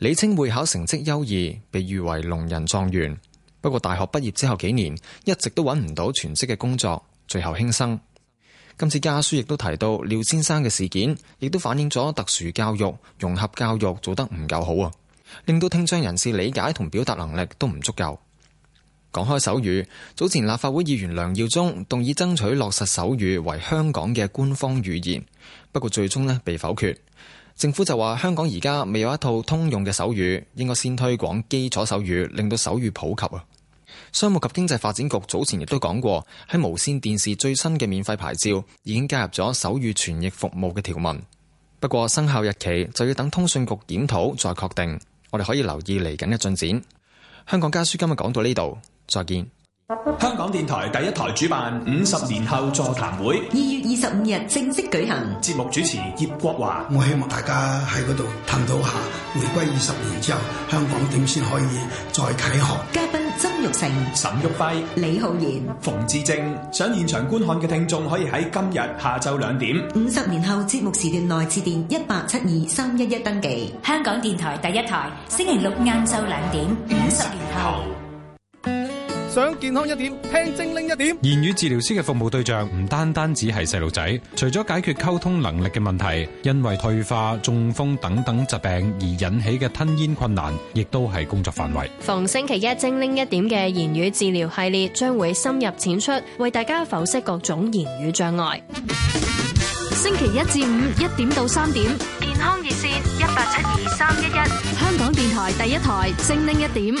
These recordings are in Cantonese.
李清會考成績優異，被譽為聾人狀元。不過大學畢業之後幾年，一直都揾唔到全職嘅工作，最後輕生。今次家書亦都提到廖先生嘅事件，亦都反映咗特殊教育、融合教育做得唔夠好啊，令到聽障人士理解同表達能力都唔足夠。講開手語，早前立法會議員梁耀忠動議爭取落實手語為香港嘅官方語言，不過最終呢被否決。政府就話：香港而家未有一套通用嘅手語，應該先推廣基礎手語，令到手語普及啊！商務及經濟發展局早前亦都講過，喺無線電視最新嘅免費牌照已經加入咗手語傳譯服務嘅條文，不過生效日期就要等通訊局檢討再確定。我哋可以留意嚟緊嘅進展。香港家書今日講到呢度，再見。香港電台第一台主辦五十年後座談會，二月二十五日正式舉行。節目主持葉國華，我希望大家喺嗰度探討下回歸二十年之後香港點先可以再啟航。嘉賓曾鈺成、沈玉輝、李浩然、馮志正。想現場觀看嘅聽眾可以喺今日下晝兩點五十年後節目時段內致電一八七二三一一登記。香港電台第一台，星期六晏晝兩點五十年後。想健康一點，聽精靈一點。言語治療師嘅服務對象唔單單只係細路仔，除咗解決溝通能力嘅問題，因為退化、中風等等疾病而引起嘅吞咽困難，亦都係工作範圍。逢星期一精靈一點嘅言語治療系列，將會深入淺出，為大家剖析各種言語障礙。星期一至五一點到三點，健康熱線一八七二三一一，2, 香港電台第一台，精靈一點。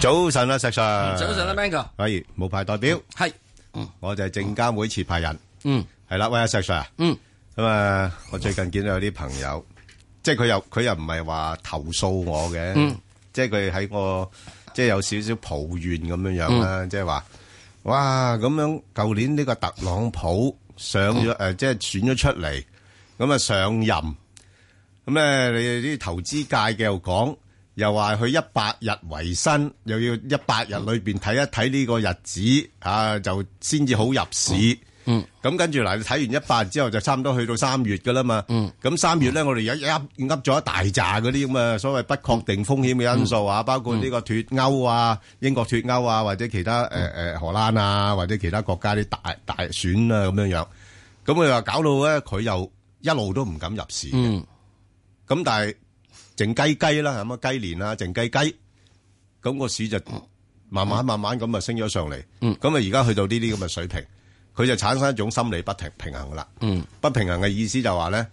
早晨啦，石 Sir。早晨啦，Man 哥。不如冇派代表。係、嗯，我就係證監會持派人。嗯，係啦，喂阿石 Sir 啊。嗯，咁啊、嗯，我最近見到有啲朋友，即係佢又佢又唔係話投訴我嘅，嗯、即係佢喺我，即係有少少抱怨咁樣樣啦，即係話，哇，咁樣舊年呢個特朗普上咗誒、嗯呃，即係選咗出嚟，咁啊上任，咁咧、啊、你哋啲投資界嘅又講。又話佢一百日維新，又要看一百日裏邊睇一睇呢個日子嚇，就先至好入市。嗯，咁跟住嚟，睇完一百日之後，就差唔多去到三月噶啦嘛嗯嗯。嗯，咁三月咧，我哋有噏噏咗一大扎嗰啲咁啊，所謂不確定風險嘅因素啊，嗯嗯嗯、包括呢個脫歐啊、英國脫歐啊，或者其他誒誒、呃、荷蘭啊，或者其他國家啲大大選啊咁樣樣。咁佢話搞到咧，佢又一路都唔敢入市。是嗯，咁但係。靜雞雞啦，係咪雞年呀，靜雞雞，咁個市就慢慢慢慢咁啊升咗上嚟，咁啊而家去到呢啲咁嘅水平，佢、嗯、就產生一種心理不平平衡啦。嗯、不平衡嘅意思就話咧，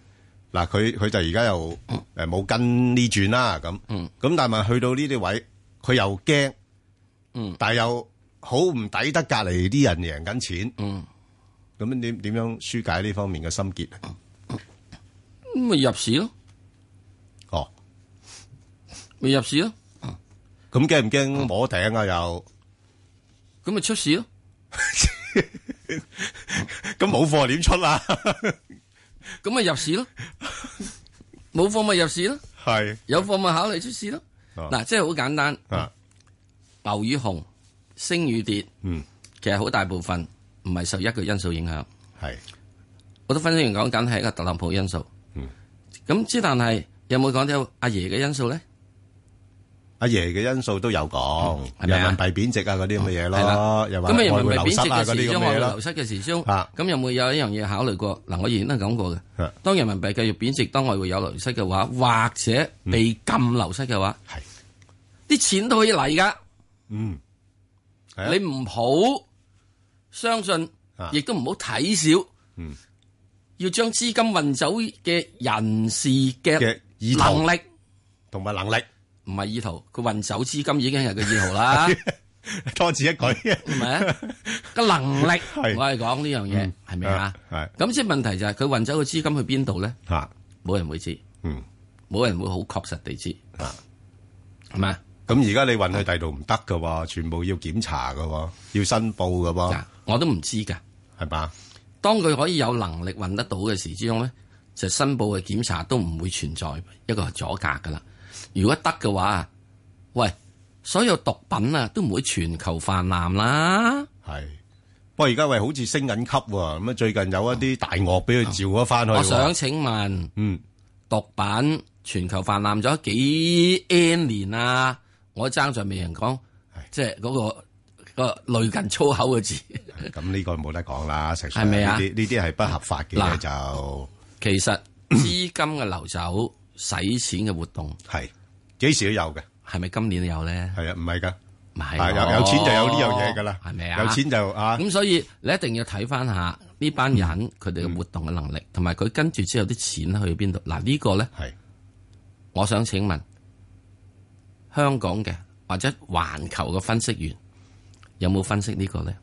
嗱佢佢就而家又誒冇跟呢轉啦，咁咁但係去到呢啲位，佢又驚，但係又好唔抵得隔籬啲人贏緊錢，咁點點樣紓解呢方面嘅心結？咁咪、嗯、入市咯。咪入市咯，咁驚唔驚摸頂啊？又咁咪出市咯？咁冇貨點出啊？咁咪入市咯？冇貨咪入市咯？係有貨咪考慮出市咯？嗱，即係好簡單。牛與熊，升與跌，嗯，其實好大部分唔係受一個因素影響。係，我都分析員講緊係一個特朗普因素。嗯，咁之但係有冇講到阿爺嘅因素咧？阿爺嘅因素都有講，人民幣貶值啊嗰啲咁嘅嘢咯，又話外匯流失啊嗰啲咁嘅嘢咯。咁又會有一樣嘢考慮過？嗱，我以前都講過嘅。當人民幣繼續貶值，當外匯有流失嘅話，或者被禁流失嘅話，啲錢都可以嚟㗎。嗯，你唔好相信，亦都唔好睇小。嗯，要將資金運走嘅人士嘅能力同埋能力。唔係意圖，佢運走資金已經係個意圖啦。 多此一舉、 嗯，係咪啊？個能力係我係講呢樣嘢，係咪是啊？係、嗯。咁即係問題就係佢運走嘅資金去邊度咧？吓、啊，冇人會知。嗯，冇人會好確實地知。啊，係咪啊？咁而家你運去第度唔得㗎喎，全部要檢查㗎，要申報㗎、啊。我都唔知噶，係嘛吧？當佢可以有能力運得到嘅時之中咧，就申報嘅檢查都唔會存在一個阻隔噶啦。如果得嘅話，喂，所有毒品啊都唔會全球泛濫啦。係，不過而家喂好似升緊級喎，咁啊最近有一啲大鱷俾佢召咗翻去。我想請問，嗯，毒品全球泛濫咗幾 N 年，年啊？我爭在未人講，即係嗰個個類近粗口嘅字。咁 呢個冇得講啦，係咪啊？呢啲呢係不合法嘅。嗱喇就其實資金嘅流走、使 錢嘅活動係。幾時都有嘅，係咪今年都有咧？係啊，唔係噶，係啊，有有錢就有呢樣嘢噶啦，係咪啊？有錢就啊，咁所以你一定要睇翻下呢班人佢哋嘅活動嘅能力，同埋佢跟住之後啲錢去邊度？嗱呢個咧，係，我想請問香港嘅或者環球嘅分析員有冇分析呢個咧？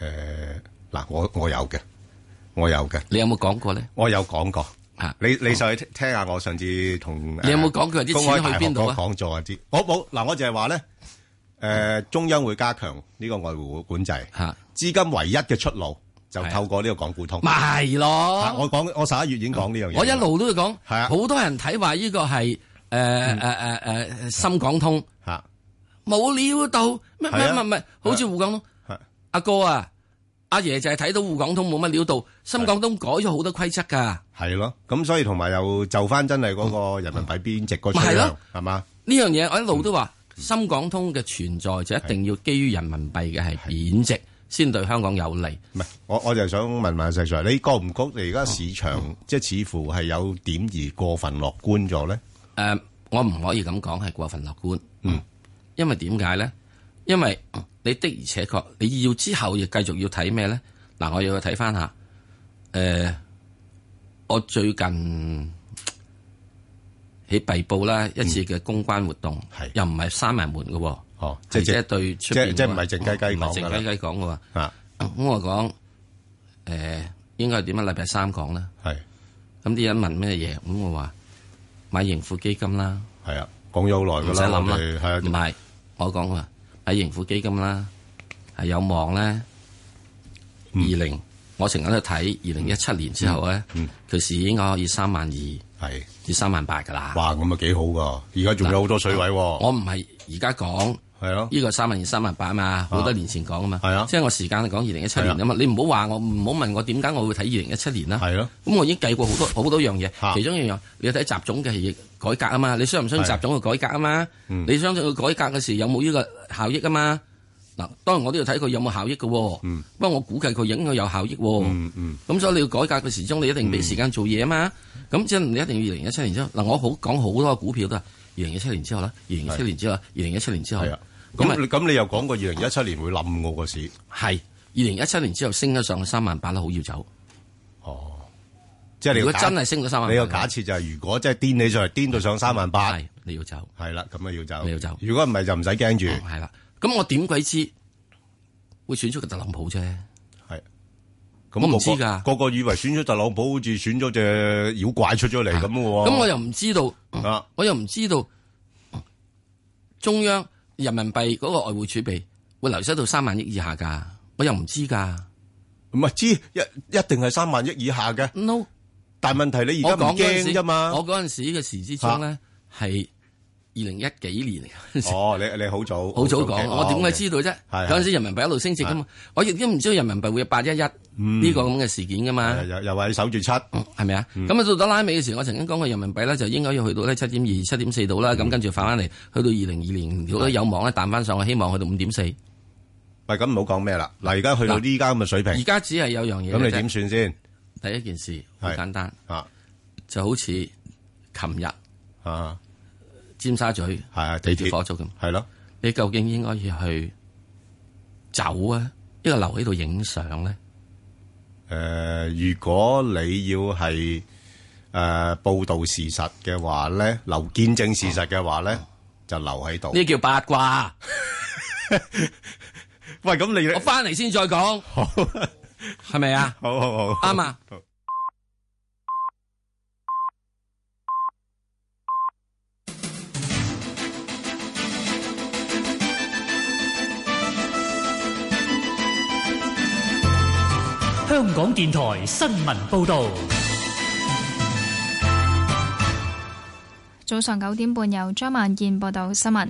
誒，嗱，我我有嘅，我有嘅，你有冇講過咧？我有講過。你你上去聽下我上次同你有冇講佢啲錢去邊度啊？講座啲，我冇嗱，我就係話咧，誒，中央會加強呢個外匯管制，吓、啊，資金唯一嘅出路就透過呢個港股通，咪係咯？我講我十一月已經講呢樣嘢，我一路都會講，係啊，好多人睇話呢個係誒誒誒誒深港通吓，冇料、啊啊、到咩咩咩咩，好似滬港通，啊啊、阿哥啊！阿爺就係睇到滬港通冇乜料到，深港通改咗好多規則噶。係咯，咁所以同埋又就翻真係嗰個人民幣貶值嗰樣，係嘛？呢樣嘢我一路都話，嗯、深港通嘅存在就一定要基於人民幣嘅係貶值，先的對香港有利。唔係，我我就想問細 Sir，你覺唔覺你而家市場即係似乎係有點而過分樂觀咗咧？誒，我唔可以咁講係過分樂觀，嗯，因為點解咧？因為你的而且確你要之後要繼續要睇咩咧？嗱，我又要睇翻下，誒、呃，我最近喺閉報啦一次嘅公關活動，嗯、又唔係閂埋門嘅、啊，哦，即係即對出邊，即即係唔係靜雞雞講噶，唔係靜雞雞講嘅，咁、啊、我講，誒、呃，應該係點啊？禮拜三講啦，係，咁啲人問咩嘢？咁我話買盈富基金啦，係啊，講咗好耐噶啦，唔使諗唔係我講啊。是睇盈富基金啦，係有望咧。二零、嗯，二零，我成日都睇二零一七年之後咧，其時應該可以三萬二，係至三萬八噶啦。哇，咁啊幾好噶，而家仲有好多水位喎。我唔係而家講。係咯，呢個三萬二三萬八嘛，好多年前講噶嘛，即係我時間嚟講二零一七年啊嘛，你唔好話我唔好問我點解我會睇二零一七年啦，咁我已經計過好多好多樣嘢，其中一樣你要睇習總嘅改革啊嘛，你相唔相習總嘅改革啊嘛，你相信佢改革嘅時候有冇呢個效益啊嘛，嗱當然我都要睇佢有冇效益噶，不過我估計佢應該有效益，咁所以你要改革嘅時鐘你一定俾時間做嘢啊嘛，咁即係你一定要二零一七年之後，嗱我好講好多股票都係二零一七年之後啦，二零一七年之後，二零一七年之後。咁你咁你又講過二零一七年會冧我個市，係二零一七年之後升咗上去三萬八啦，好要走。哦，即係你如果真係升到三萬，你個假設就係如果真係癲起上嚟，癲到上三萬八，你要走，係啦，咁啊要走，你要走。如果唔係就唔使驚住。係啦、哦，咁我點鬼知會選出個特朗普啫？係，咁我唔知噶個個以為選咗特朗普好似選咗隻妖怪出咗嚟咁嘅。咁我又唔知道，我又唔知道、嗯我又唔知道嗯、中央。中央人民幣嗰個外匯儲備會流失到三萬億以下㗎，我又唔知㗎，唔係知一一定係三萬億以下嘅。No，但問題你而家我講嗰陣時，我嗰陣時嘅時之中咧係二零一幾年嚟。哦、啊， 你你好早好早講，早我點解知道啫？嗰陣、哦 okay. 時人民幣一路升值㗎嘛，的我亦都唔知道人民幣會有八一一。呢個咁嘅事件噶嘛？又又話你守住七，係咪啊？咁啊，到到拉尾嘅時，我曾經講過，人民幣咧就應該要去到咧七點二、七點四度啦。咁跟住反翻嚟，去到二零二年，有望咧彈翻上，希望去到五點四。喂，咁唔好講咩啦。嗱，而家去到呢家咁嘅水平，而家只係有樣嘢。咁你點算先？第一件事好簡單啊，就好似琴日啊，尖沙咀係地鐵火燭咁，係咯。你究竟應該要去走啊，一個留喺度影相咧？誒、呃，如果你要係誒、呃、報道事實嘅話咧，留見證事實嘅話咧，就留喺度。呢叫八卦。 喂，咁你我翻嚟先再講，好係咪啊？好好好， 啱啊。香港電台新聞報道，早上九點半由張萬健報道新聞。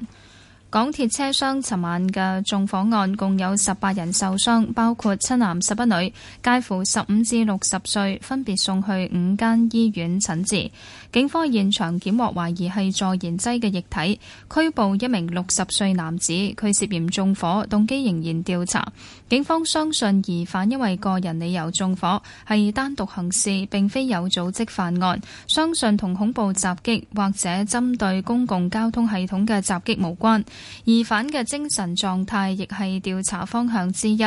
港鐵車廂尋晚嘅縱火案共有十八人受傷，包括七男十一女，介乎十五至六十歲，分別送去五間醫院診治。警方現場檢獲懷疑係助燃劑嘅液體，拘捕一名六十歲男子，佢涉嫌縱火，動機仍然調查。警方相信疑犯因為個人理由縱火，係單獨行事，並非有組織犯案，相信同恐怖襲擊或者針對公共交通系統嘅襲擊無關。疑犯嘅精神狀態亦係調查方向之一。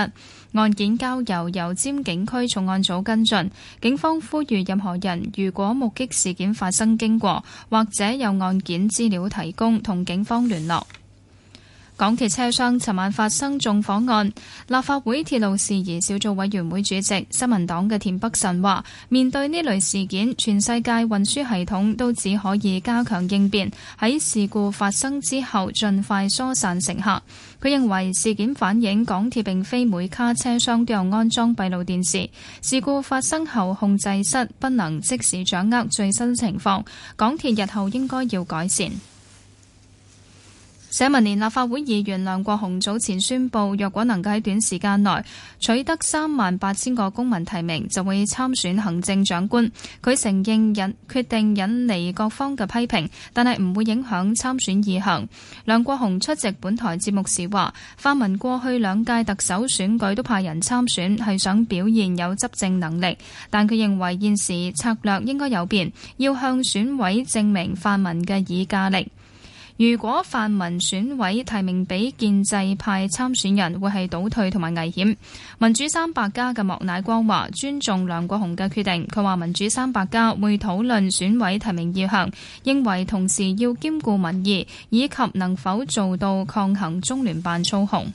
案件交由油尖警區重案組跟進，警方呼籲任何人如果目擊事件發生經過或者有案件資料提供，同警方聯絡。港鐵車廂尋晚發生縱火案，立法會鐵路事宜小組委員會主席、新民黨嘅田北辰話，面對呢類事件，全世界運輸系統都只可以加強應變，喺事故發生之後盡快疏散乘客。佢認為事件反映港鐵並非每卡車廂都有安裝閉路電視，事故發生後控制室不能即時掌握最新情況，港鐵日後應該要改善。社民連立法會議員梁國雄早前宣布，若果能夠喺短時間內取得三萬八千個公民提名，就會參選行政長官。佢承認引決定引嚟各方嘅批評，但係唔會影響參選意向。梁國雄出席本台節目時話，泛民過去兩屆特首選舉都派人參選，係想表現有執政能力。但佢認為現時策略應該有變，要向選委證明泛民嘅議價力。如果泛民選委提名俾建制派參選人，會係倒退同埋危險。民主三百家嘅莫乃光話：尊重梁國雄嘅決定。佢話民主三百家會討論選委提名意向，認為同時要兼顧民意以及能否做到抗衡中聯辦操控。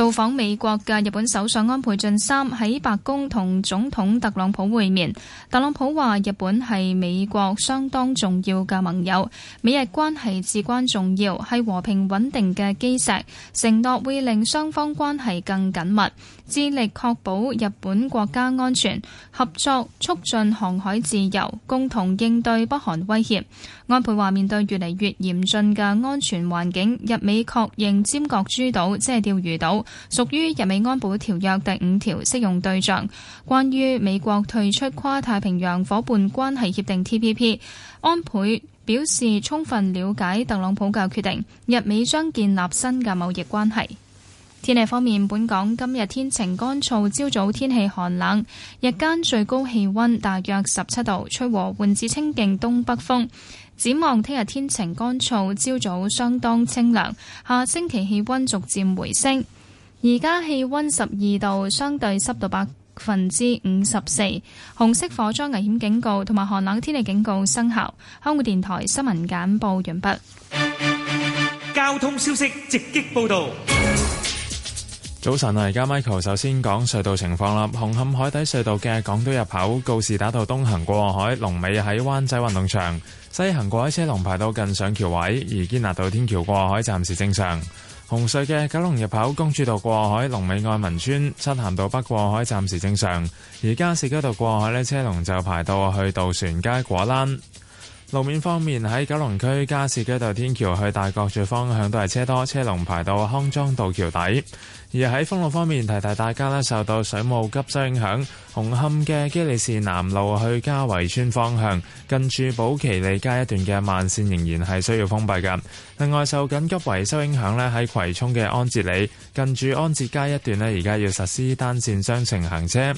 到訪美國嘅日本首相安倍晉三喺白宮同總統特朗普會面。特朗普話：日本係美國相當重要嘅盟友，美日關係至關重要，係和平穩定嘅基石，承諾會令雙方關係更緊密。致力確保日本國家安全，合作促進航海自由，共同應對北韓威脅。安倍話：面對越嚟越嚴峻嘅安全環境，日美確認尖閣諸島即係、就是、釣魚島，屬於日美安保條約第五條適用對象。關於美國退出跨太平洋伙伴關係協定 （TPP），安倍表示充分了解特朗普嘅決定，日美將建立新嘅貿易關係。天氣方面，本港今日天晴乾燥，朝早天氣寒冷，日間最高氣溫大約十七度，吹和緩至清勁東北風。展望聽日天晴乾燥，朝早相當清涼，下星期氣溫逐漸回升。而家氣溫十二度，相對濕度百分之五十四，紅色火災危險警告同埋寒冷天氣警告生效。香港電台新聞簡報完畢。交通消息直擊報道。早晨啊！而家 Michael 首先講隧道情況啦。紅磡海底隧道嘅港島入口告士打道東行過海，龍尾喺灣仔運動場；西行過海車龍排到近上橋位。而堅拿道天橋過海暫時正常。紅隧嘅九龍入口公主道過海，龍尾愛民村；漆咸道北過海暫時正常。而加士居道過海呢，車龍就排到去渡船街果欄。路面方面喺九龍區加士居道天橋去大角咀方向都係車多，車龍排到康莊道橋底。而喺封路方面，提提大家咧，受到水務急修影響，紅磡嘅機利士南路去家維邨方向，近住寶其利街一段嘅慢線仍然係需要封閉噶。另外，受緊急維修影響，咧，喺葵涌嘅安捷里近住安捷街一段咧，而家要實施單線雙程行車，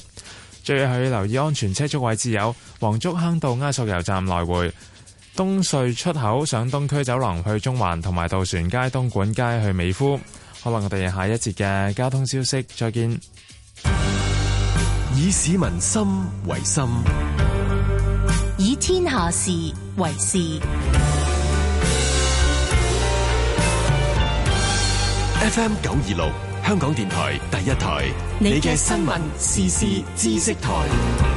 最後，要留意安全車速位置有黃竹坑道埃索油站來回、東隧出口上東區走廊去中環同埋渡船街東莞街去美孚。好，我哋下一節嘅交通消息再見。以市民心為心，以天下事為事。FM 926，香港電台第一台，你嘅新聞、時事、知識台。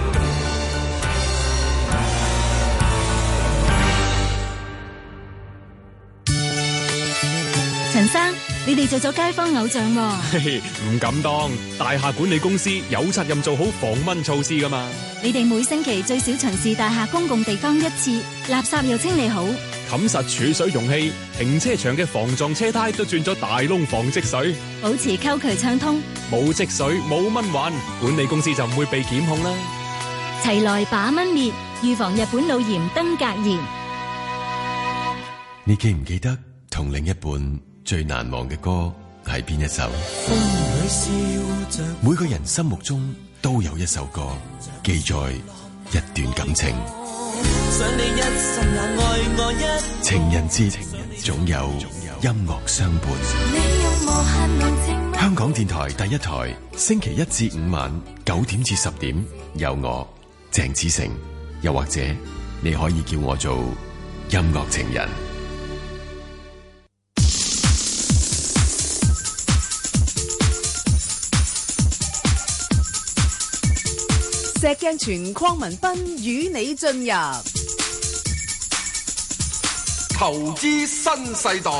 做咗街坊偶像喎。哦，唔 敢當。大廈管理公司有責任做好防蚊措施噶嘛？你哋每星期最少巡視大廈公共地方一次，垃圾又清理好，冚實儲水容器，停車場嘅防撞車胎都轉咗大窿防積水，保持溝渠暢通，冇積水冇蚊患，管理公司就唔會被檢控啦。齊來把蚊滅，預防日本腦炎登革炎。你記唔記得同另一半？最難忘嘅歌係邊一首？嗯，每個人心目中都有一首歌，記載一段感情。情人之情人總有音樂相伴。香港電台第一台，星期一至五晚九點至十點有我鄭子誠，又或者你可以叫我做音樂情人。石鏡泉鄺民彬與你進入投資新世代，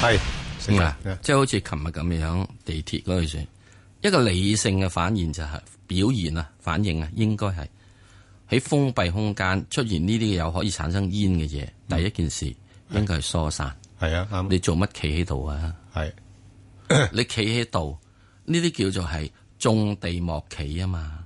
係，嗯 啊，即係吧是好似琴日咁樣地鐵嗰度算，一個理性嘅反應就係表現啊，反應啊，應該係。喺封閉空間出現呢啲有可以產生煙嘅嘢，嗯、第一件事是應該係疏散。的你做乜企喺度啊？係， 你企喺度，呢啲叫做係種地莫企啊嘛。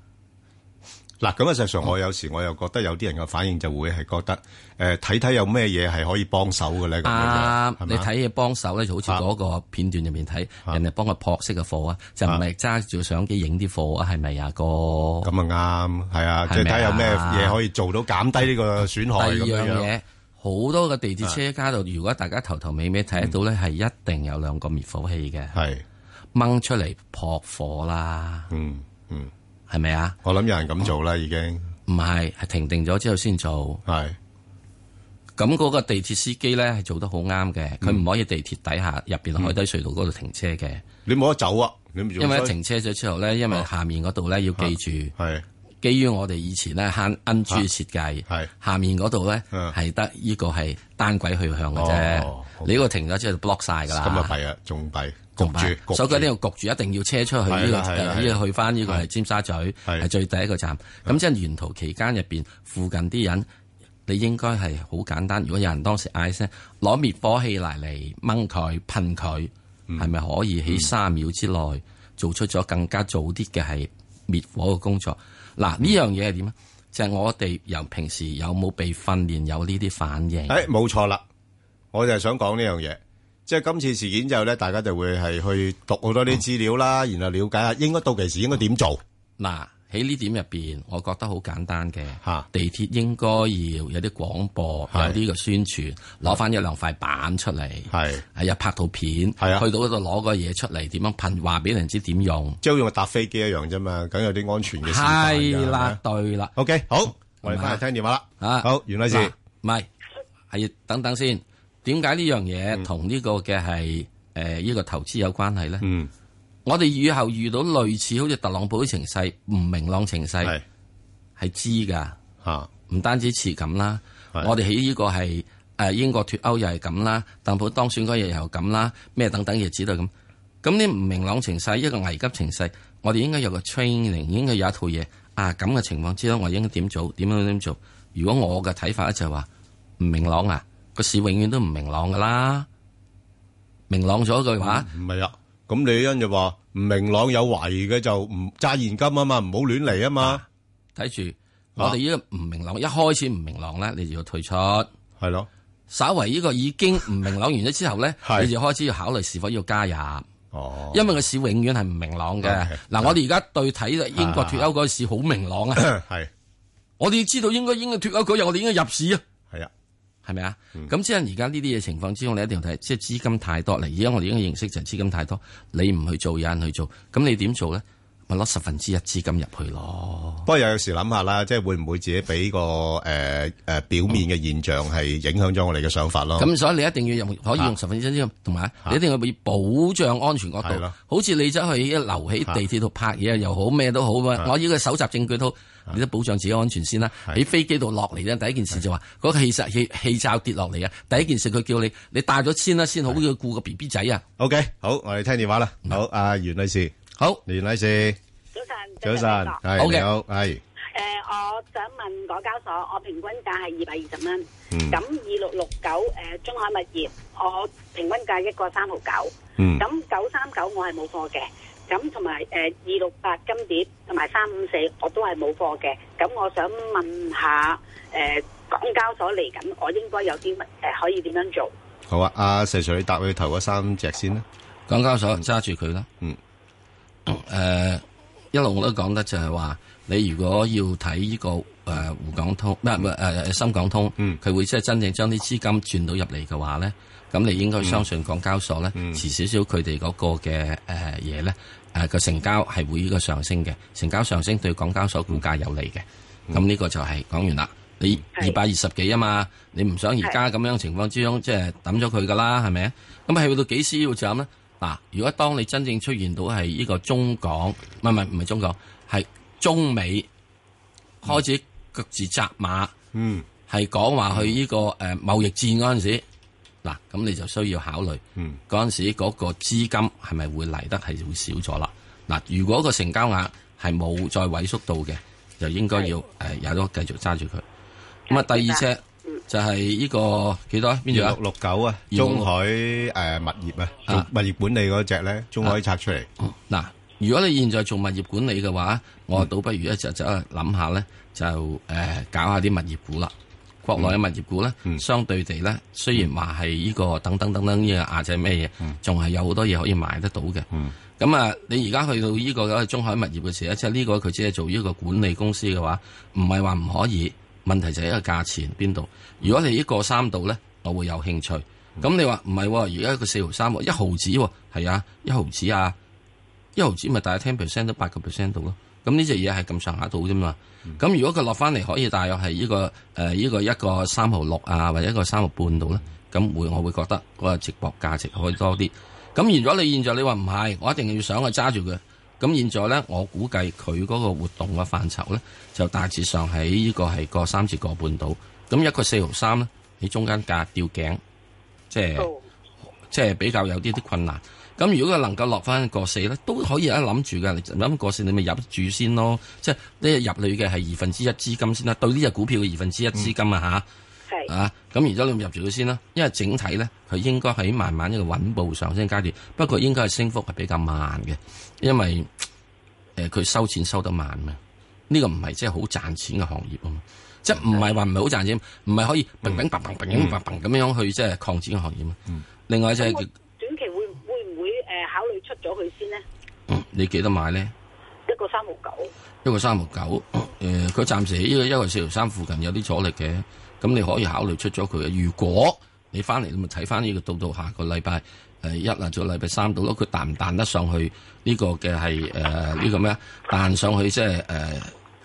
嗱，咁啊，事實上我有時我又覺得有啲人嘅反應就會係覺得，誒，睇睇有咩嘢係可以幫手嘅咧，咁樣，你睇嘢幫手咧，就好似嗰個片段入面睇，人哋幫佢撲熄嘅火啊，就唔係揸住相機影啲火啊，係咪啊哥？咁啊啱，係啊，即係睇有咩嘢可以做到減低呢個損害。第二樣嘢，好多嘅地鐵車卡度，如果大家頭頭尾尾睇得到咧，係一定有兩個滅火器嘅，係掹出嚟撲火啦，嗯嗯。係咪啊？我諗有人咁做啦，已經唔係係停定咗之後先做。係咁嗰個地鐵司機咧，係做得好啱嘅。佢唔、嗯、可以地鐵底下入邊海底隧道嗰度停車嘅。你冇得走啊！因為停車咗之後咧，因為下面嗰度咧要記住，係、啊、基於我哋以前咧慳 NG 設計，係、啊、下面嗰度咧係得呢、啊、個係單軌去向嘅啫。哦、你個停咗之後就 block 晒噶啦，咁啊係啊，仲弊。焗住，所以佢呢個焗住一定要車出去呢個，呢個去翻，呢個係尖沙咀，係最第一個站。咁即係沿途期間入邊，附近啲人，你應該係好簡單。如果有人當時嗌聲攞滅火器嚟嚟，掹佢噴佢，係咪可以喺三秒之內、嗯、做出咗更加早啲嘅，係滅火嘅工作？嗱，樣樣呢樣嘢係點啊？就係、是、我哋由平時有冇被訓練，有呢啲反應？誒、哎，冇錯啦，我就係想講呢樣嘢。即係今次事件之後咧，大家就會係去讀好多啲資料啦，然後了解下應該到期時應該點做。嗱，喺呢點入邊，我覺得好簡單嘅。吓，地鐵應該要有啲廣播，有啲嘅宣傳，攞翻一兩塊板出嚟，係係又拍套片，係啊，去到嗰度攞個嘢出嚟，點樣噴，話俾人知點用。即係好似搭飛機一樣啫嘛，梗有啲安全嘅事。係啦，對啦。OK，好，我哋翻嚟聽電話啦。吓，好，袁女士，唔係，係等等先。點解呢樣嘢同呢個嘅係誒呢個投資有關係咧？嗯、我哋以後遇到類似好似特朗普嘅情勢，唔明朗情勢係是知噶吓，唔、啊、單止似咁啦。是我哋喺呢個係誒、呃、英國脱歐又係咁啦，特朗普當選嗰日又咁啦，咩等等嘢知道咁。咁呢唔明朗情勢，一個危急情勢，我哋應該有個 training，應該有一套嘢。啊咁嘅情況之下，我應該點做？點樣點做？如果我嘅睇法咧就係話唔明朗啊。個市永遠都唔明朗噶啦，明朗咗一句話唔係啊，咁你欣就話唔明朗有懷疑嘅就唔揸現金啊嘛，唔好亂嚟啊嘛，睇住我哋呢個唔明朗，一開始唔明朗咧，你就要退出，係咯，稍為呢個已經唔明朗完咗之後咧，你就開始要考慮是否要加入，哦，因為個市永遠係唔明朗嘅，嗱我哋而家對睇英國脫歐個市好明朗啊，係，我哋知道應該英國脫歐嗰日我哋應該入市啊，係啊。係咪啊？咁、嗯、即係而家呢啲嘢情況之下，你一定要睇，即係資金太多嚟。而家我哋已經認識就係資金太多，你唔去做，有人去做，咁你點做咧？咪攞十分之一資金入去咯。不過又有時諗下啦，即係會唔會自己俾個誒誒、呃呃、表面嘅現象係影響咗我哋嘅想法咯？咁所以你一定要入，可以用十分之一，同埋、啊、你一定要保障安全角度。啊、好似你走去留喺地鐵度拍嘢又、啊、好，咩都好、啊、我要個搜集證據都。你都保障自己安全先啦。喺飛機度落嚟咧，第一件事就話嗰個氣實氣氣罩跌落嚟啊！第一件事佢叫你，你戴咗先啦，先好要顧個 B B 仔啊。O K，好，我哋聽電話啦。好，阿袁女士，好，袁女士，早晨，早晨，係，好嘅，係。誒，我想問港交所，我平均價係二百二十蚊。嗯。咁二六六九，誒，中海物業，我平均價一個三毫九。嗯。咁九三九，我係冇貨嘅。咁同埋誒二六八金碟同埋三五四我都係冇貨嘅，咁我想問下誒港交所嚟緊，我應該有啲乜誒可以點樣做？好啊，阿石 Sir，你答佢頭嗰三隻先啦。港交所揸住佢啦，嗯誒、呃、一路我都講得就係話，你如果要睇呢、這個。誒，滬、呃、港通唔誒、呃啊，深港通，佢、嗯、會即係真正將啲資金轉到入嚟嘅話咧，咁你應該相信港交所咧，嗯嗯、遲少少佢哋嗰個嘅誒嘢咧，誒、呃、個、呃、成交係會呢個上升嘅，成交上升對港交所股價有利嘅，咁呢、嗯、個就係、是、講完啦。你二百二十幾啊嘛，是你唔想而家咁樣情況之中，即係抌咗佢噶啦，係咪啊？咁係去到幾思要斬咧？嗱，如果當你真正出現到係呢個中港，唔係唔係唔係中港，係中美開始、嗯。各自紮馬，嗯，係講話去呢、這個誒、呃、貿易戰嗰陣時，嗱咁你就需要考慮，嗯，嗰陣時嗰個資金係咪會嚟得係會少咗啦？嗱，如果個成交額係冇再萎縮到嘅，就應該要誒有得繼續揸住佢。咁、這個、啊，第二隻就係呢個幾多邊隻啊？二六六九啊，中海誒、呃、物業啊，啊物業管理嗰隻咧，中海拆出嚟。嗱、啊啊，如果你現在做物業管理嘅話，我倒不如一隻就去諗下咧。就誒、呃、搞下啲物業股啦，國內嘅物業股咧，嗯、相對地咧，雖然話係依個等等等等呢個亞仔咩嘢，仲係、嗯、有好多嘢可以買得到嘅。咁啊、嗯，你而家去到呢個中海物業嘅時候，即係呢個佢只係做呢個管理公司嘅話，唔係話唔可以。問題就係一個價錢邊度。如果你一個三度咧，我會有興趣。咁你話唔係喎？而家、哦、一個四毫三喎，一毫子喎、哦，係啊，一毫子啊，一毫子咪大概 ten percent 都八個 percent 度咯。咁呢隻嘢係咁上下度啫嘛。咁、嗯、如果佢落翻嚟，可以大約係依個誒依、呃、個一個三毫六啊，或者一個三毫半度，咧，咁會我會覺得個直播價值可以多啲。咁如果你現在你話唔係，我一定要上去揸住佢。咁現在咧，我估計佢嗰個活動嘅範疇咧，就大致上喺呢個係個三至個半度。咁一個四毫三咧，喺中間隔吊頸，即係即係比較有啲啲困難。咁如果佢能夠落翻個四咧，都可以啊諗住嘅，諗個四你咪入住先咯。即係呢入你嘅係二分之一資金先啦，對呢隻股票嘅二分之一資金啊吓，係啊，咁而家你入住佢先啦，因為整體咧佢應該喺慢慢一個穩步上升階段，不過應該係升幅係比較慢嘅，因為誒佢收錢收得慢啊。呢個唔係即係好賺錢嘅行業啊嘛，即係唔係話唔係好賺錢，唔係可以砰砰砰砰砰砰砰咁樣去即係擴展嘅行業啊。另外就係。咗佢先咧，你記得買咧？一個三毛九，一個三毛九。誒、呃，佢暫時喺呢個一圍四毫三附近有啲阻力嘅，咁你可以考慮出咗佢嘅。如果你翻嚟，咁咪睇翻呢個到到下個禮拜誒一啊，就禮拜三到咯。佢彈唔彈得上去呢、呢個嘅係誒呢個咩啊？彈上去即係誒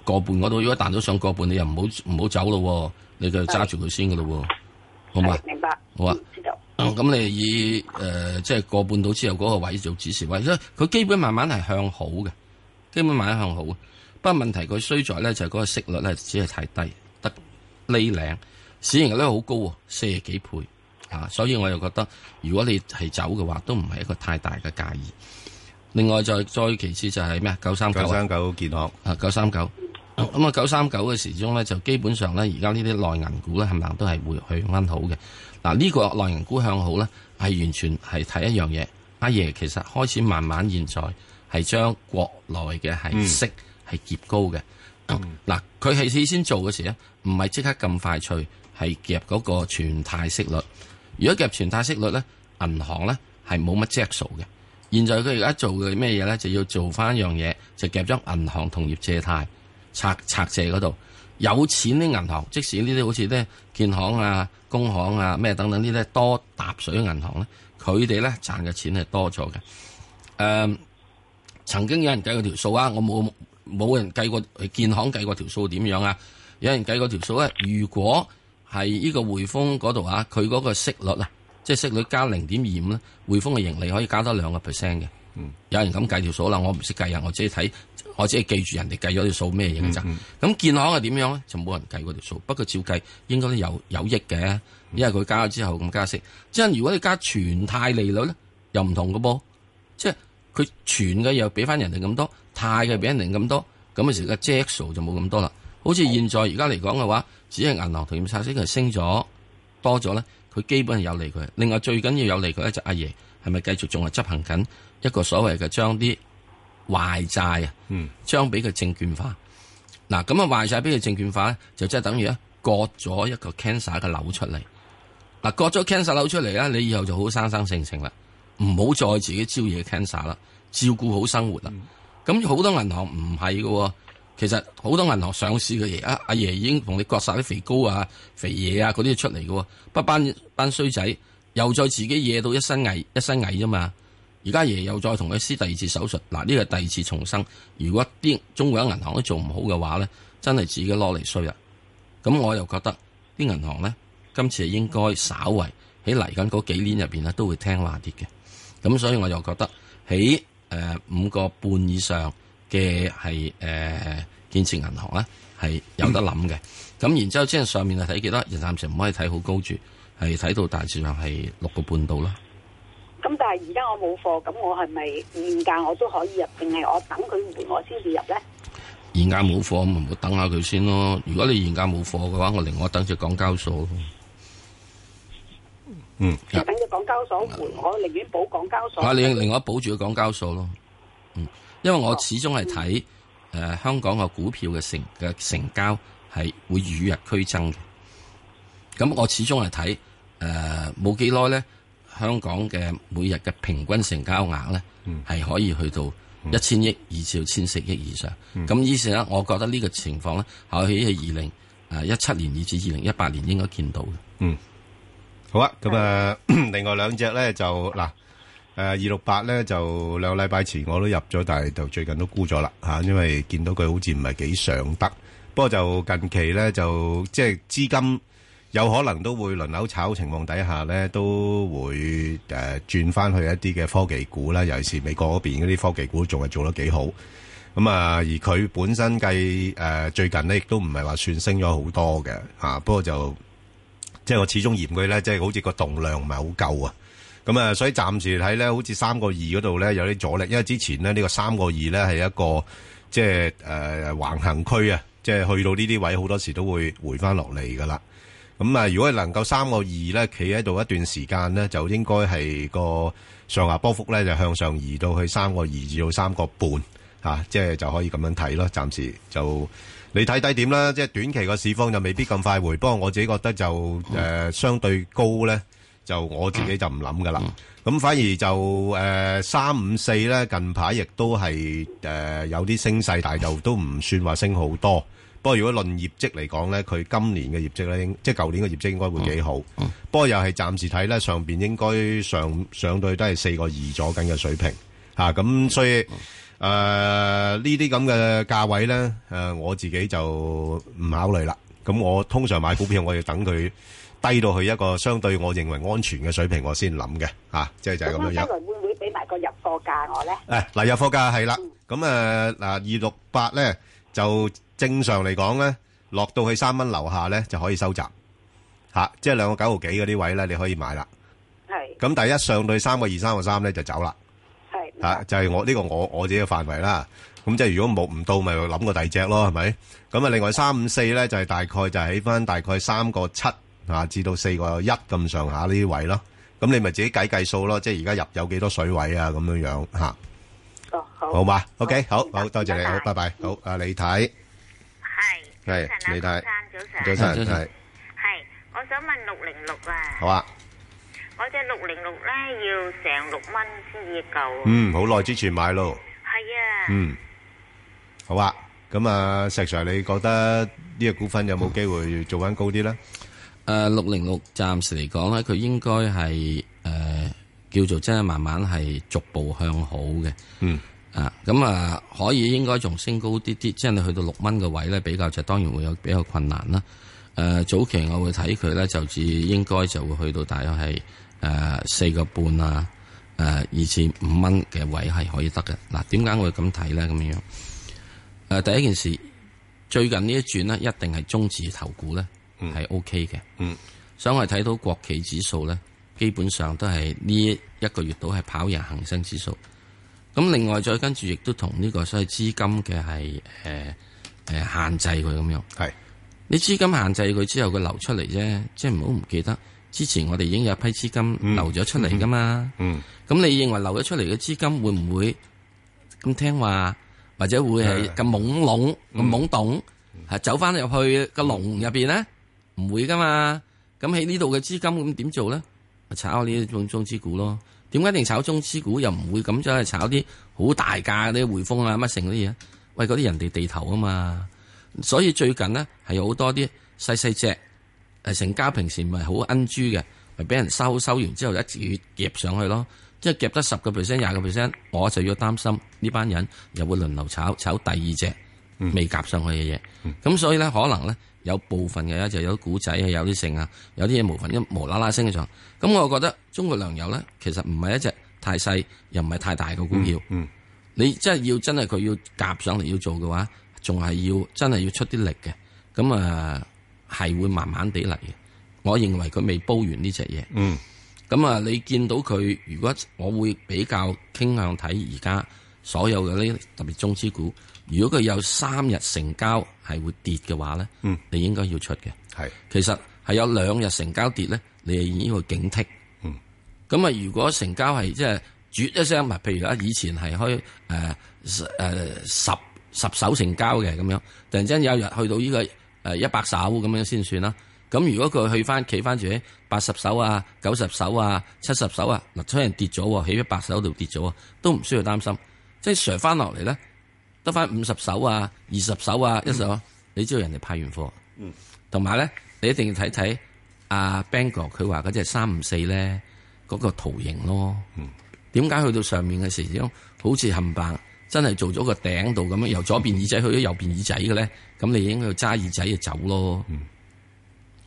個半嗰度。如果彈到上個半，你又唔好唔好走咯，你就揸住佢先噶咯。是好嘛嗎？明白。好啊嗎。嗯咁、嗯、你以誒、呃，即係過半島之後嗰個位做指示位，因為佢基本慢慢係向好嘅，基本慢慢向好。不過，問題佢衰在咧就係、是、嗰個息率咧、就是、只係太低，得呢領市盈率咧好高啊，四十幾倍啊，所以我又覺得如果你係走嘅話，都唔係一個太大嘅介意。另外再再其次就係咩啊？九三九，九三九建行啊，九三九。咁啊，九三九嘅時鐘咧，就基本上咧，而家呢啲內銀股咧，冚唪唥都係會去翻好嘅。嗱、啊，呢、呢個內銀股向好咧，係完全係睇一樣嘢。阿、啊、爺其實開始慢慢，現在係將國內嘅係息係劫高嘅。嗱、嗯，佢起先先做嘅時咧，唔係即刻咁快脆，係夾嗰個存貸息率。如果夾存貸息率咧，銀行咧係冇乜隻數嘅。現在佢而家做嘅咩嘢咧，就要做翻一樣嘢，就夾咗銀行同業借貸。拆拆借嗰度，有錢啲銀行，即使呢啲好似啲建行啊、工行啊咩等等呢啲多搭水嘅銀行咧，佢哋咧賺嘅錢係多咗嘅。誒、嗯，曾經有人計過條數啊，我冇冇人計過建行計過條數點樣啊？有人計過條數咧、啊，如果係呢個匯豐嗰度啊，佢嗰個息率啊，即係息率加零點二五咧，匯豐嘅盈利可以加多兩個 percent 嘅。嗯，有人咁計條數啦，我唔識計啊，我自己睇。我只係記住人哋計咗條數咩嘢嘅啫。咁建行係點樣咧？就冇人計嗰條數。不過照計應該都有有益嘅，因為佢加咗之後咁加息。即係如果你加全貸利率咧，又唔同嘅噃。即係佢存嘅又俾翻人哋咁多，貸嘅俾人哋咁多。咁其時候嘅 j 就冇咁多啦。好似現在而家嚟講嘅話，只係銀行同業拆息佢升咗多咗咧，佢基本係有利佢。另外最緊要有利佢咧就阿爺係咪繼續仲係執行緊一個所謂嘅將啲壞債啊，將俾佢證券化。嗱、啊，咁啊壞曬俾佢證券化咧，就即係等於咧割咗一個 cancer 嘅瘤出嚟。嗱、啊，割咗 cancer 瘤出嚟咧，你以後就好生生性性啦，唔好再自己招惹 cancer 啦，照顧好生活啦。咁好、嗯、多銀行唔係嘅，其實好多銀行上市嘅阿阿爺已經同你割晒啲肥膏啊、肥嘢啊嗰啲出嚟嘅、哦，不班班衰仔又再自己惹到一身蟻一身蟻啫嘛。而家爺又再同佢施第二次手術，嗱、呢個係第二次重生。如果啲中國銀行都做唔好嘅話咧，真係自己攞嚟衰啦。咁我又覺得啲銀行咧，今次係應該稍為喺嚟緊嗰幾年入邊咧都會聽話啲嘅。咁所以我又覺得喺誒五個半以上嘅係誒建設銀行咧係有得諗嘅。咁、嗯、然之後即係上面係睇幾多，人暫時唔可以睇好高住，係睇到大致上係六個半度啦。咁但係而家我冇貨，咁我係咪現價我都可以入，定係我等佢回我先至入咧？現價冇貨咪冇等下佢先咯。如果你現價冇貨嘅話，我另外等住港交所。嗯，等住港交所、嗯、回我寧願保港交所。係、啊，你另外保住個港交所咯。嗯，因為我始終係睇誒香港嘅股票嘅成嘅成交係會與日俱增嘅。咁我始終係睇誒冇幾耐咧。呃香港嘅每日嘅平均成交額咧，係、嗯、可以去到一千億以至千四億以上。咁以前咧，我覺得呢個情況咧，喺二零啊一七年以至二零一八年應該見到嘅。嗯，好啊，咁、嗯、啊，嗯、另外兩隻咧就嗱，誒二六八咧就兩個禮拜前我都入咗，但係就最近都沽咗啦嚇，因為見到佢好似唔係幾上得。不過就近期咧就即係資金。有可能都會輪流炒情況底下咧，都會誒轉翻去一啲嘅科技股啦，尤其是美國嗰邊嗰啲科技股仲係做得幾好。咁、嗯、啊，而佢本身計誒、呃、最近呢，亦都唔係話算升咗好多嘅嚇、啊。不過就即係我始終嫌佢咧，即係好似個動量唔係好夠啊。咁、嗯、啊，所以暫時睇咧好似三個二嗰度咧有啲阻力，因為之前呢，這個、呢個三個二咧係一個即係誒、呃、橫行區啊，即係去到呢啲位好多時都會回翻落嚟㗎喇。咁啊，如果係能夠三個二咧，企喺度一段時間咧，就應該係個上下波幅咧，就向上移到去三個二至到三個半嚇，即係就可以咁樣睇咯。暫時就你睇低點啦，即係短期個市況就未必咁快回，不過我自己覺得就誒相對高咧，就我自己就唔諗噶啦。咁反而就誒三五四咧，近排亦都係誒有啲升勢，但係又都唔算話升好多。不過如果論業績嚟講咧，佢今年嘅業績咧，應即係舊年嘅業績應該會幾好。不過又係暫時睇咧，上邊應該上上到都係四個二左近嘅水平吓，咁所以誒呢啲咁嘅價位咧，誒我自己就唔考慮啦。咁我通常買股票，我要等佢低到去一個相對我認為安全嘅水平，我先諗嘅吓，即係就係咁樣樣。將來會唔會俾埋個入貨價我咧？誒，嗱入貨價係啦，咁誒嗱二六八咧就。正常嚟講咧，落到去三蚊樓下咧就可以收集吓，即係兩個九毫幾嗰啲位咧，你可以買啦。係咁，第一上到三個二、三個三咧就走啦。係吓就係我呢個我我自己嘅範圍啦。咁即係如果冇唔到，咪諗個第二隻咯，係咪？咁啊，另外三五四咧就係大概就喺翻大概三個七吓至到四個一咁上下呢啲位咯。咁你咪自己計計數咯，即係而家入有幾多水位啊？咁樣樣吓。哦，好，好嘛，OK，好好多謝你，好，拜拜，好啊，你睇。係，李太。早晨，早晨，早晨。係，我想問六零六啊。好啊。我隻六零六咧，要成六蚊先至夠。嗯，好耐之前買咯。係啊。嗯，好啊。咁啊，石 Sir，你覺得呢個股份有冇機會做翻高啲咧？誒，六零六暫時嚟講咧，佢應該係誒叫做真係慢慢係逐步向好嘅。嗯。啊，咁啊，可以應該仲升高啲啲，即係你去到六蚊嘅位咧，比較就當然會有比較困難啦。誒，早期我會睇佢咧，就至應該就會去到大約係誒四個半啊，誒二至五蚊嘅位係可以得嘅。嗱，點解我會咁睇咧？咁樣誒，第一件事，最近呢一轉咧，一定係中字頭股咧，係 OK 嘅。嗯，所以我係睇到國企指數咧，基本上都係呢一個月度係跑贏恒生指數。咁另外再跟住，亦都同呢個所謂資金嘅係誒誒限制佢咁樣。係是你資金限制佢之後，佢流出嚟啫。即係唔好唔記得之前我哋已經有一批資金流咗出嚟噶嘛，嗯。嗯。咁、嗯、你認為流咗出嚟嘅資金會唔會咁聽話，或者會係咁懵聾、咁懵懂，係走翻入去個籠入邊咧？唔、嗯、會噶嘛。咁喺呢度嘅資金咁點做咧？炒呢一種中資股咯。點解一定炒中資股，又唔會咁樣去炒啲好大價啲匯豐啊乜剩啲嘢？喂，嗰啲人哋地頭啊嘛，所以最近呢，係好多啲細細隻誒，成交，平時唔係好恩豬嘅，咪俾人收，收完之後，一直要夾上去咯。即係夾得十個 percent 廿個 percent，我就要擔心呢班人又會輪流炒，炒第二隻未夾上去嘅嘢。咁、嗯、所以咧，可能咧。有部分嘅咧，就有啲股仔啊，有啲剩啊，有啲嘢冇份，一無啦啦升嘅。咁我覺得中國糧油咧，其實唔係一隻太細，又唔係太大嘅股票。嗯，你即係要真係佢要夾上嚟要做嘅話，仲係要真係要出啲力嘅。咁啊，係會慢慢地嚟嘅。我認為佢未煲完呢隻嘢。嗯，咁啊，你見到佢，如果我會比較傾向睇而家所有嘅，呢特別中資股，如果佢有三日成交。係會跌嘅話咧，嗯，你應該要出嘅。係的，其實係有兩日成交跌咧，你已經會警惕。嗯，咁啊，如果成交係即係絕一聲，唔，譬如啦，以前係開誒誒十十手成交嘅咁樣，突然間有日去到呢個誒一百手咁樣先算啦。咁如果佢去翻企翻住喺八十手啊、九十手啊、七十手啊，嗱，雖然人跌咗喎，起一百手度跌咗啊，都唔需要擔心。即係上翻落嚟咧。得返五十手啊，二十手啊，一手啊。你知道人哋派完貨，嗯，同埋咧，你一定要睇睇阿 Bangor 佢話嗰隻三五四咧，嗰、啊嗰個圖形咯。嗯，點解去到上面嘅時候，因為好似冚白，真係做咗個頂度咁樣，由左邊耳仔去到右邊耳仔嘅咧，咁 你已經去揸耳仔就走咯。嗯，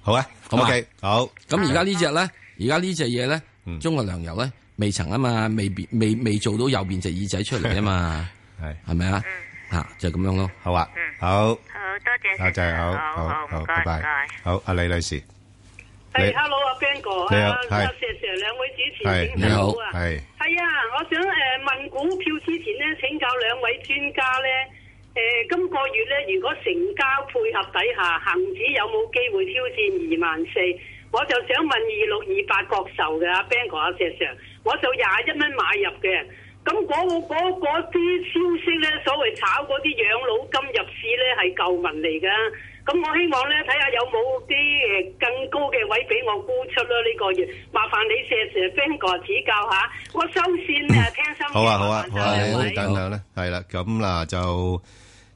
好啊，好 OK 好。咁而家呢隻咧，而家呢隻嘢咧，中國糧油咧，未曾啊嘛，未變，未未，未做到右邊隻耳仔出嚟啊嘛。 係係咪啊？啊，就咁樣咯，好啊。嗯，好。好多謝多謝，好好好，拜拜。唔該，好。阿李女士，係，hello 阿 Bang 哥，你好，石 sir 兩位主持，你好啊，係，係啊，我想誒問股票之前咧，請教兩位專家咧，誒，今個月咧，如果成交配合底下，恒指有冇機會挑戰二萬四？我就想問二六二八國壽嘅阿 Bang 哥阿石 sir 我就廿一蚊買入嘅。咁嗰啲消息咧，所謂炒嗰啲養老金入市咧，係舊民嚟噶。咁我希望咧，睇下有冇啲誒更高嘅位俾我估出啦呢，這個月。麻煩你石石 f i e n e r 指教下。我收線啊，聽心好啊好啊，唔緊張咧，係啦、啊。咁嗱、啊、好就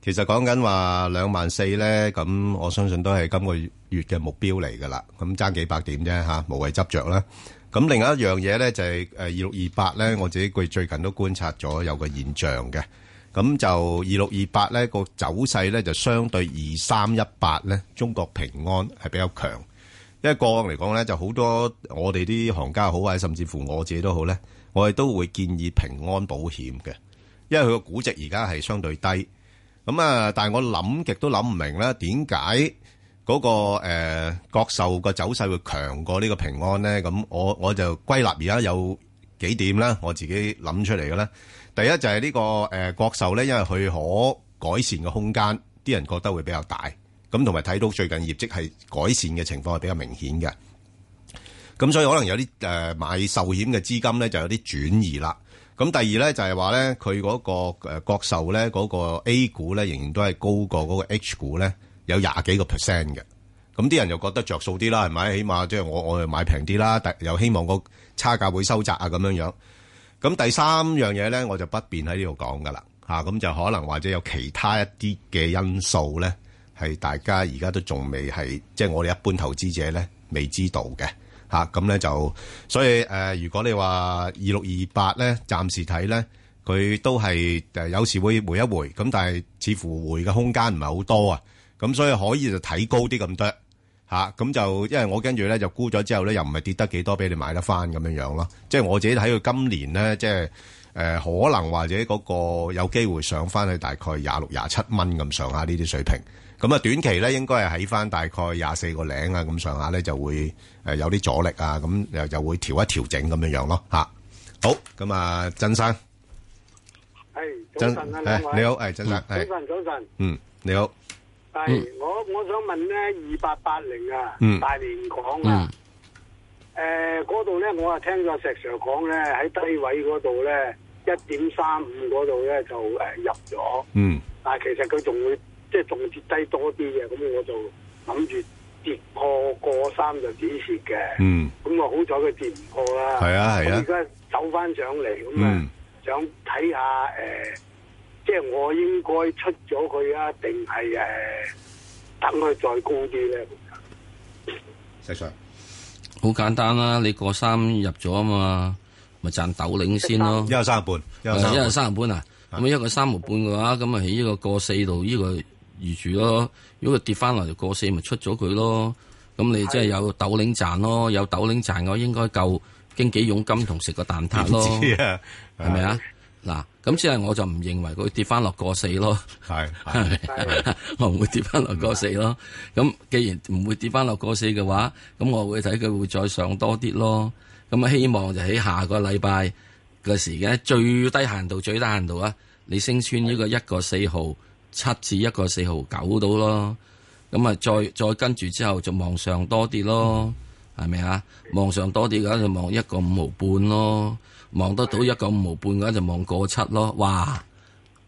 其實講緊話兩萬四咧，咁我相信都係今個月月嘅目標嚟噶啦。咁爭幾百點啫嚇，無謂執著啦。咁另外一樣嘢咧，就係誒二六二八咧，我自己最近都觀察咗有個現象嘅。咁就二六二八咧個走勢咧，就相對二三一八咧，中國平安係比較強。因為個案嚟講咧，就好多我哋啲行家好或者，甚至乎我自己都好咧，我哋都會建議平安保險嘅，因為佢個估值而家係相對低。咁啊，但係我諗極都諗唔明啦，點解？嗰、那個誒、呃、國壽個走勢會強過呢個平安咧，咁我我就歸納而家有幾點咧，我自己諗出嚟嘅咧。第一就係呢、這個誒、呃、國壽咧，因為佢可改善嘅空間，啲人覺得會比較大。咁同埋睇到最近業績係改善嘅情況係比較明顯嘅。咁所以可能有啲誒、呃、買壽險嘅資金咧就有啲轉移啦。咁第二咧就係話咧，佢嗰、那個誒、呃、國壽咧嗰、那個 A 股咧仍然都係高過嗰個 H 股咧。有廿幾個 percent 嘅，咁啲人又覺得着數啲啦，係咪？起碼即係我，我誒買平啲啦，但又希望個差價會收窄啊，咁樣樣。咁第三樣嘢咧，我就不便喺呢度講噶啦嚇。咁、啊、就可能或者有其他一啲嘅因素咧，係大家而家都仲未係，即、就、係、是、我哋一般投資者咧未知道嘅嚇。咁、啊、咧就所以誒、呃，如果你話二六二八咧，暫時睇咧，佢都係誒有時會回一回咁，但係似乎回嘅空間唔係好多啊。咁所以可以就睇高啲咁多，吓咁就，因為我跟住咧就沽咗之後咧，又唔係跌得幾多俾你買得翻咁樣樣咯。即係我自己睇佢今年咧，即係誒可能或者嗰個有機會上翻去大概廿六廿七蚊咁上下呢啲水平。咁啊短期咧，應該係喺翻大概廿四個零啊咁上下咧就會誒有啲阻力啊，咁又就會調一調整咁樣樣咯，吓好咁啊，真生係早晨啊，你好，係真生，早晨早晨，嗯，你好。係，嗯、我我想問咧，二八八零啊，嗯、大連港啊，誒、嗯，嗰度咧，我啊聽咗石 Sir 講咧，喺低位嗰度咧，呢呃嗯、一點三五嗰度咧就誒入咗，嗯，但係其實佢仲會即係仲跌低多啲嘅，咁我就諗住跌破過三就止蝕嘅，嗯，咁我好彩佢跌唔過啦，係啊係啊，而家走翻上嚟，咁啊想睇下誒。即係我應該出咗佢啊，定係誒等佢再高啲咧？石 Sir，好簡單啦，啊！你過三入咗啊嘛，咪賺斗零先咯。一十三日三毫半，一十三日一十三毫半啊！咁，是、嗯、一個三毫半嘅話，咁啊喺依個過四度，依個預住咯。如果佢跌翻落嚟就過四，咪出咗佢咯。咁你即係有斗零賺咯，有斗零賺我話應該夠經紀佣金同食個蛋撻咯。係咪啊？是 嗱，咁即係我就唔認為佢跌翻落個四咯，係，係係 我唔會跌翻落個四咯。咁既然唔會跌翻落個四嘅話，咁我會睇佢會再上多啲咯。咁啊，希望就喺下個禮拜嘅時間，最低限度，最低限度啊，你升穿呢個一個四毫七至一個四毫九到咯。咁啊，再再跟住之後就望上多啲咯，係咪啊？望上多啲嘅話就望一個五毫半咯。望得到一九五毫半嘅就望過七咯，哇！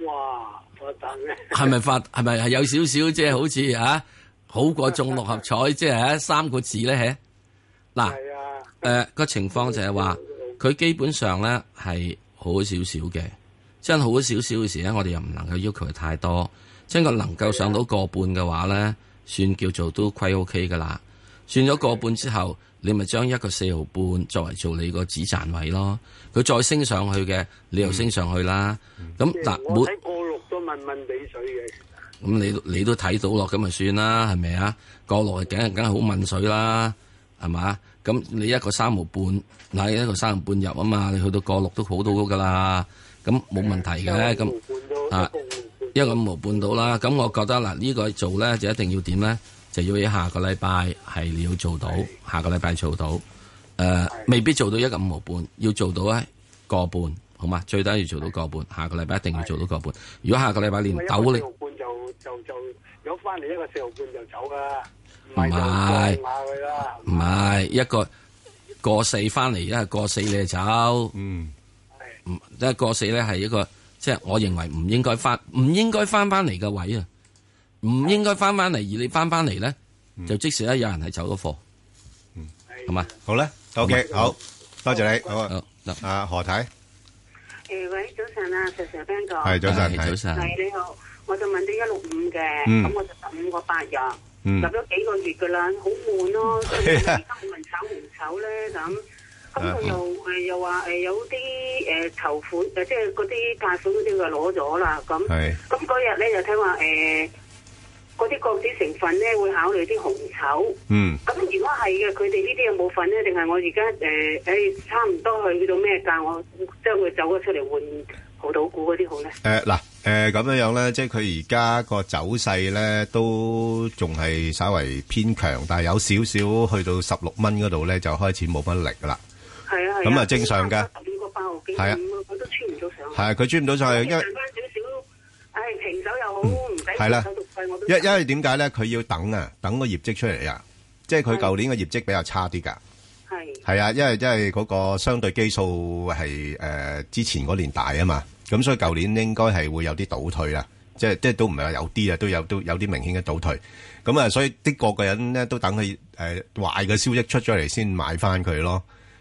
哇，我等係咪 發？係咪係有少少即係好似啊？好過中六合彩即係三個字咧？吓嗱、 啊，誒、啊、個情況就係話，佢基本上咧係好少少嘅，真好少少嘅時候咧，我哋又唔能夠要求佢太多。真佢能夠上到個半嘅話咧，算叫做都 quite ok 噶啦。算咗個半之後，你咪將一個四毫半作為做你個止賺位咯。佢再升上去嘅，你又升上去啦。咁但冇，我過六都問問底水嘅。咁你你都睇到咯，咁咪算啦，係咪啊？過六梗係梗係好問水啦，係嘛？咁你 5, 一個三毫半，嗱一個三毫半入啊嘛，你去到過六都好到㗎啦，咁冇問題嘅。咁五一個五毫半到啦。咁我覺得嗱，呢、這個做咧就一定要點咧？就要下個禮拜係你要做到，的下個禮拜做到，誒、呃，的未必做到一個五毫半，要做到一個半，好嘛？最低要做到個半，的下個禮拜一定要做到個半。如果下個禮拜連斗咧，四毫半就就就如果翻嚟一個四毫半，半就走啦，唔係，唔係是、嗯、一個過四翻嚟，一係過四你就走，嗯，的嗯，即係過四咧係一個，即、就、係、是、我認為唔應該翻，唔應該翻翻嚟嘅位啊。唔應該翻翻嚟，而你翻翻嚟咧，就即時咧有人係走咗貨，係嘛？好咧，OK，好多謝你，好啊，阿何太，誒，喂，早晨啊，石 Sir、Bun 哥，係早晨，早晨，你好，我就問你一六五嘅，咁我就十五個八日，入咗幾個月噶啦，好悶咯，所以依家冇人炒，冇人炒咧咁，咁佢又誒又話誒有啲誒籌款誒，即係嗰啲貸款嗰啲嘅攞咗啦，咁，係，咁嗰日咧就聽話誒。嗰啲國企成分咧，會考慮啲紅籌。嗯，咁如果係嘅，佢哋呢啲有冇份呢？定係我而家誒誒差唔多去到咩價？我將佢走咗出嚟換好老股嗰啲好咧？誒嗱誒咁樣樣咧，即係佢而家個走勢咧，都仲係稍為偏強，但係有少少去到十六蚊嗰度咧，就開始冇乜力啦。係啊係啊，咁啊正常㗎。點個包幾點？我都穿唔到上，啊、上。係佢穿唔到上去，因為停走又好，唔使。係啦、啊。因因為點解咧？佢要等啊，等個業績出嚟啊！即係佢舊年嘅業績比較差啲噶，係係啊，因為即係嗰個相對基數係誒之前嗰年大啊嘛，咁所以舊年應該係會有啲倒退啊，即係即係都唔係話有啲啊，都有都有啲明顯嘅倒退，咁啊，所以啲個個人咧都等佢誒壞嘅消息出咗嚟先買翻佢咯，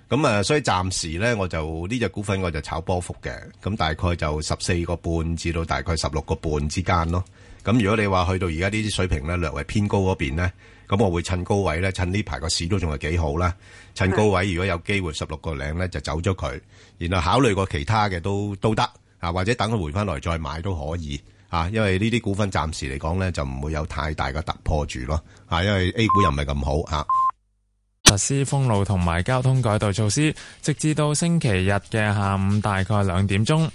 咁啊，所以暫時咧我就呢隻、這個、股份我就炒波幅嘅，咁大概就十四個半至到大概十六個半之間咯。咁如果你話去到而家呢啲水平咧，略為偏高嗰邊呢，咁我會趁高位咧，趁呢排個市都仲係幾好啦，趁高位如果有機會十六個零咧就走咗佢，然後考慮過其他嘅都都得啊，或者等佢回翻來再買都可以啊，因為呢啲股份暫時嚟講呢，就唔會有太大嘅突破住咯，啊，因為 A 股又唔係咁好啊。實施封路同埋交通改道措施，直至到星期日嘅下午大概兩點鐘。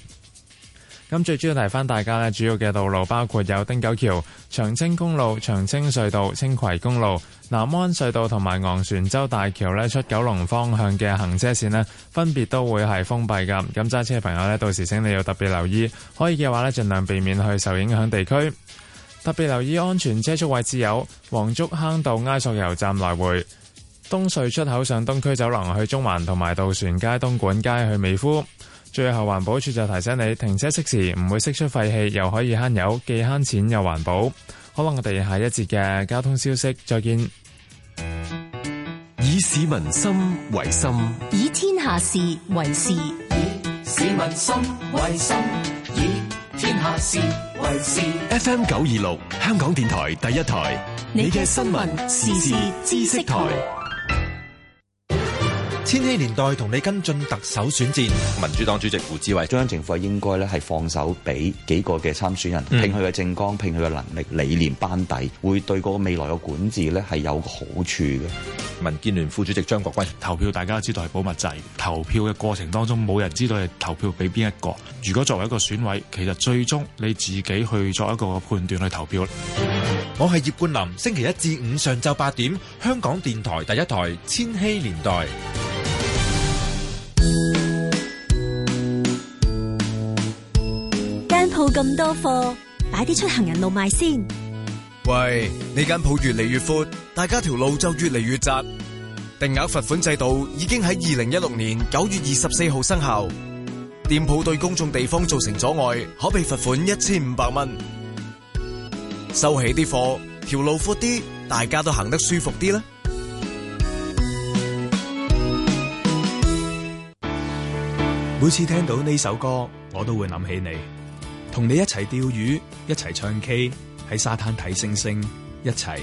咁最主要提翻大家咧，主要嘅道路包括有汀九橋、長青公路、長青隧道、青葵公路、南灣隧道同埋昂船洲大橋，呢出九龍方向嘅行車線呢，分別都會係封閉噶。咁揸車嘅朋友呢，到時請你要特別留意，可以嘅話呢，儘量避免去受影響地區。特別留意安全車速，位置有黃竹坑道埃索油站來回、東隧出口上東區走廊去中環同埋渡船街東莞街去美孚。最後環保署就提醒你，停車熄匙唔會釋出廢氣，又可以慳油，既慳錢又環保。可能我哋下一節嘅交通消息再見。以市民心為心，以天下事為事。以市民心為心，以天下事為事。FM 九二六，香港電台第一台，你嘅新聞、時事、知識台。千禧年代同你跟進特首選戰，民主黨主席胡志偉，中央政府係應該咧係放手俾幾個嘅參選人，憑佢嘅政綱，憑佢嘅能力、理念、班底，會對嗰個未來嘅管治咧係有好處嘅。民建聯副主席張國鈞，投票大家都知道係保密制，投票嘅過程當中冇人知道係投票俾邊一個。如果作為一個選委，其實最終你自己去作一個判斷去投票。我係葉冠霖，星期一至五上晝八點，香港電台第一台《千禧年代》。間鋪咁多貨，擺啲出行人路賣先。喂，你間鋪越嚟越闊，大家條路就越嚟越窄。定額罰款制度已經喺二零一六年九月二十四號生效。店鋪對公眾地方造成阻礙，可被罰款一千五百蚊。收起啲貨，條路闊啲，大家都行得舒服啲啦。每次聽到呢首歌，我都會諗起你，同你一齊釣魚，一齊唱 K，喺沙灘睇星星，一齊。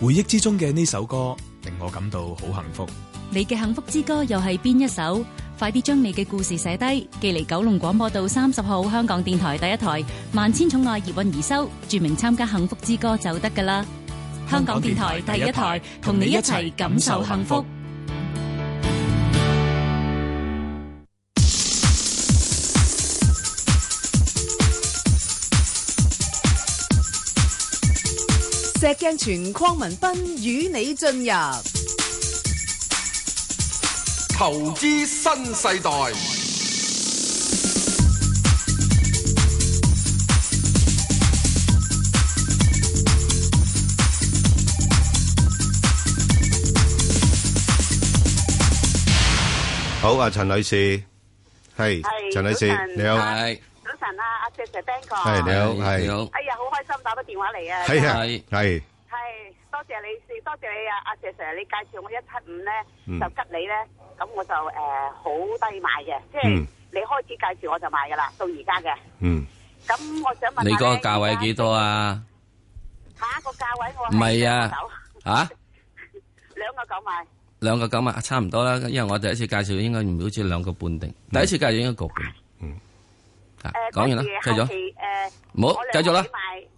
回憶之中嘅呢首歌，令我感到好幸福。你嘅幸福之歌又係邊一首？快啲將你嘅故事寫低，寄嚟九龍廣播道三十號香港電台第一台，萬千寵愛葉韻而收，注明參加幸福之歌就得噶啦！香港電台第一台，同你一齊感受幸福。石鏡泉、鄺民彬與你進入。投資新世代，好啊！陳女士，係陳女士，你好，早晨啊！阿謝謝 Ben 哥，係你好，係，哎呀，好開心打個電話嚟啊！係係係。多謝你，多謝你啊！阿謝成日你介紹我一七五咧，就吉你咧，咁我就誒好低賣嘅，即係你開始介紹我就賣噶啦，到而家嘅。嗯。咁我想問你，你，個價位幾多啊？吓個價位我唔係啊，吓兩個九萬，兩個九萬差唔多啦，因為我第一次介紹應該唔好似兩個半定，第一次介紹應該夠定。嗯。誒，講完啦，繼續。冇，繼續啦。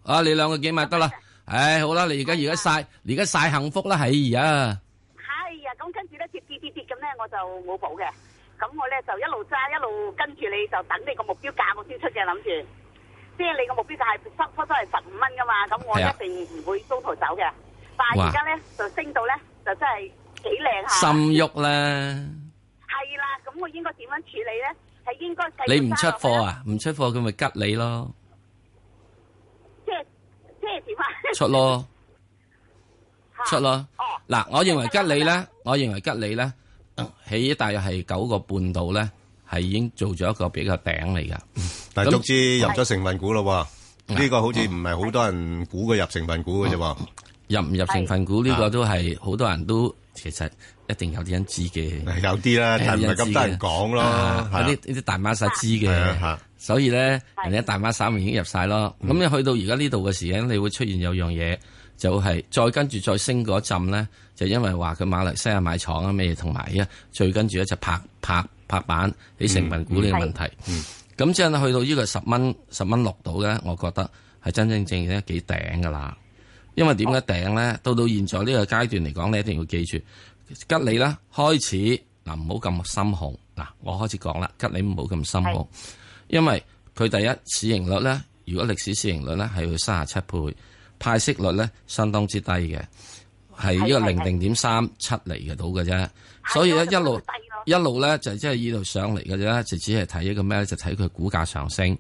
啊，你兩個幾萬得啦？唉，好啦，你而家而家晒，而家晒幸福啦，係啊。係啊，咁跟住咧跌跌跌跌咁咧，我就冇補嘅。咁我咧就一路揸，一路跟住你就等你個目標價我先出嘅諗住。即係你個目標價就係初初初係十五蚊噶嘛，咁我一定唔會中途走嘅。但係而家咧就升到咧，就真係幾靚吓。心喐咧？係啦，咁我應該點樣處理咧？係應該你唔出貨啊？唔出貨佢咪吉你咯？出咯，出咯。嗱，我認為吉利咧，我認為吉利咧，起大約係九個半度咧，係已經做咗一個比較頂嚟噶。咁是，總之那入咗成分股咯，呢、這個好似唔係好多人估佢入成分股嘅啫。喎、啊，入唔入成分股呢個都係好、啊、多人都其實一定有啲人知嘅。有啲啦，但係唔係咁多人講咯。啲啲大媽實知嘅。所以咧，人哋喺大馬散面已經入晒咯。咁、嗯、你去到而家呢度嘅時候，你會出現有樣嘢，就係、是、再跟住再升嗰陣咧，就因為話佢馬來西亞買廠啊咩，同埋啊，再跟住一隻拍拍拍板喺成分股呢嘅問題。咁之後去到呢個十蚊十蚊六到咧，我覺得係真真正正咧幾頂噶啦。因為點解頂咧？到到現在呢個階段嚟講，你一定要記住，吉利啦，開始嗱，唔好咁深紅嗱，我開始講啦，吉利唔好咁深紅。因為佢第一市盈率咧，如果歷史市盈率咧係去三十七倍，派息率咧相當之低嘅，係呢個零零點三七厘嘅到嘅啫。的所以咧一路一路咧就即係呢度上嚟嘅啫，就只係睇一個咩，就睇佢股價上升，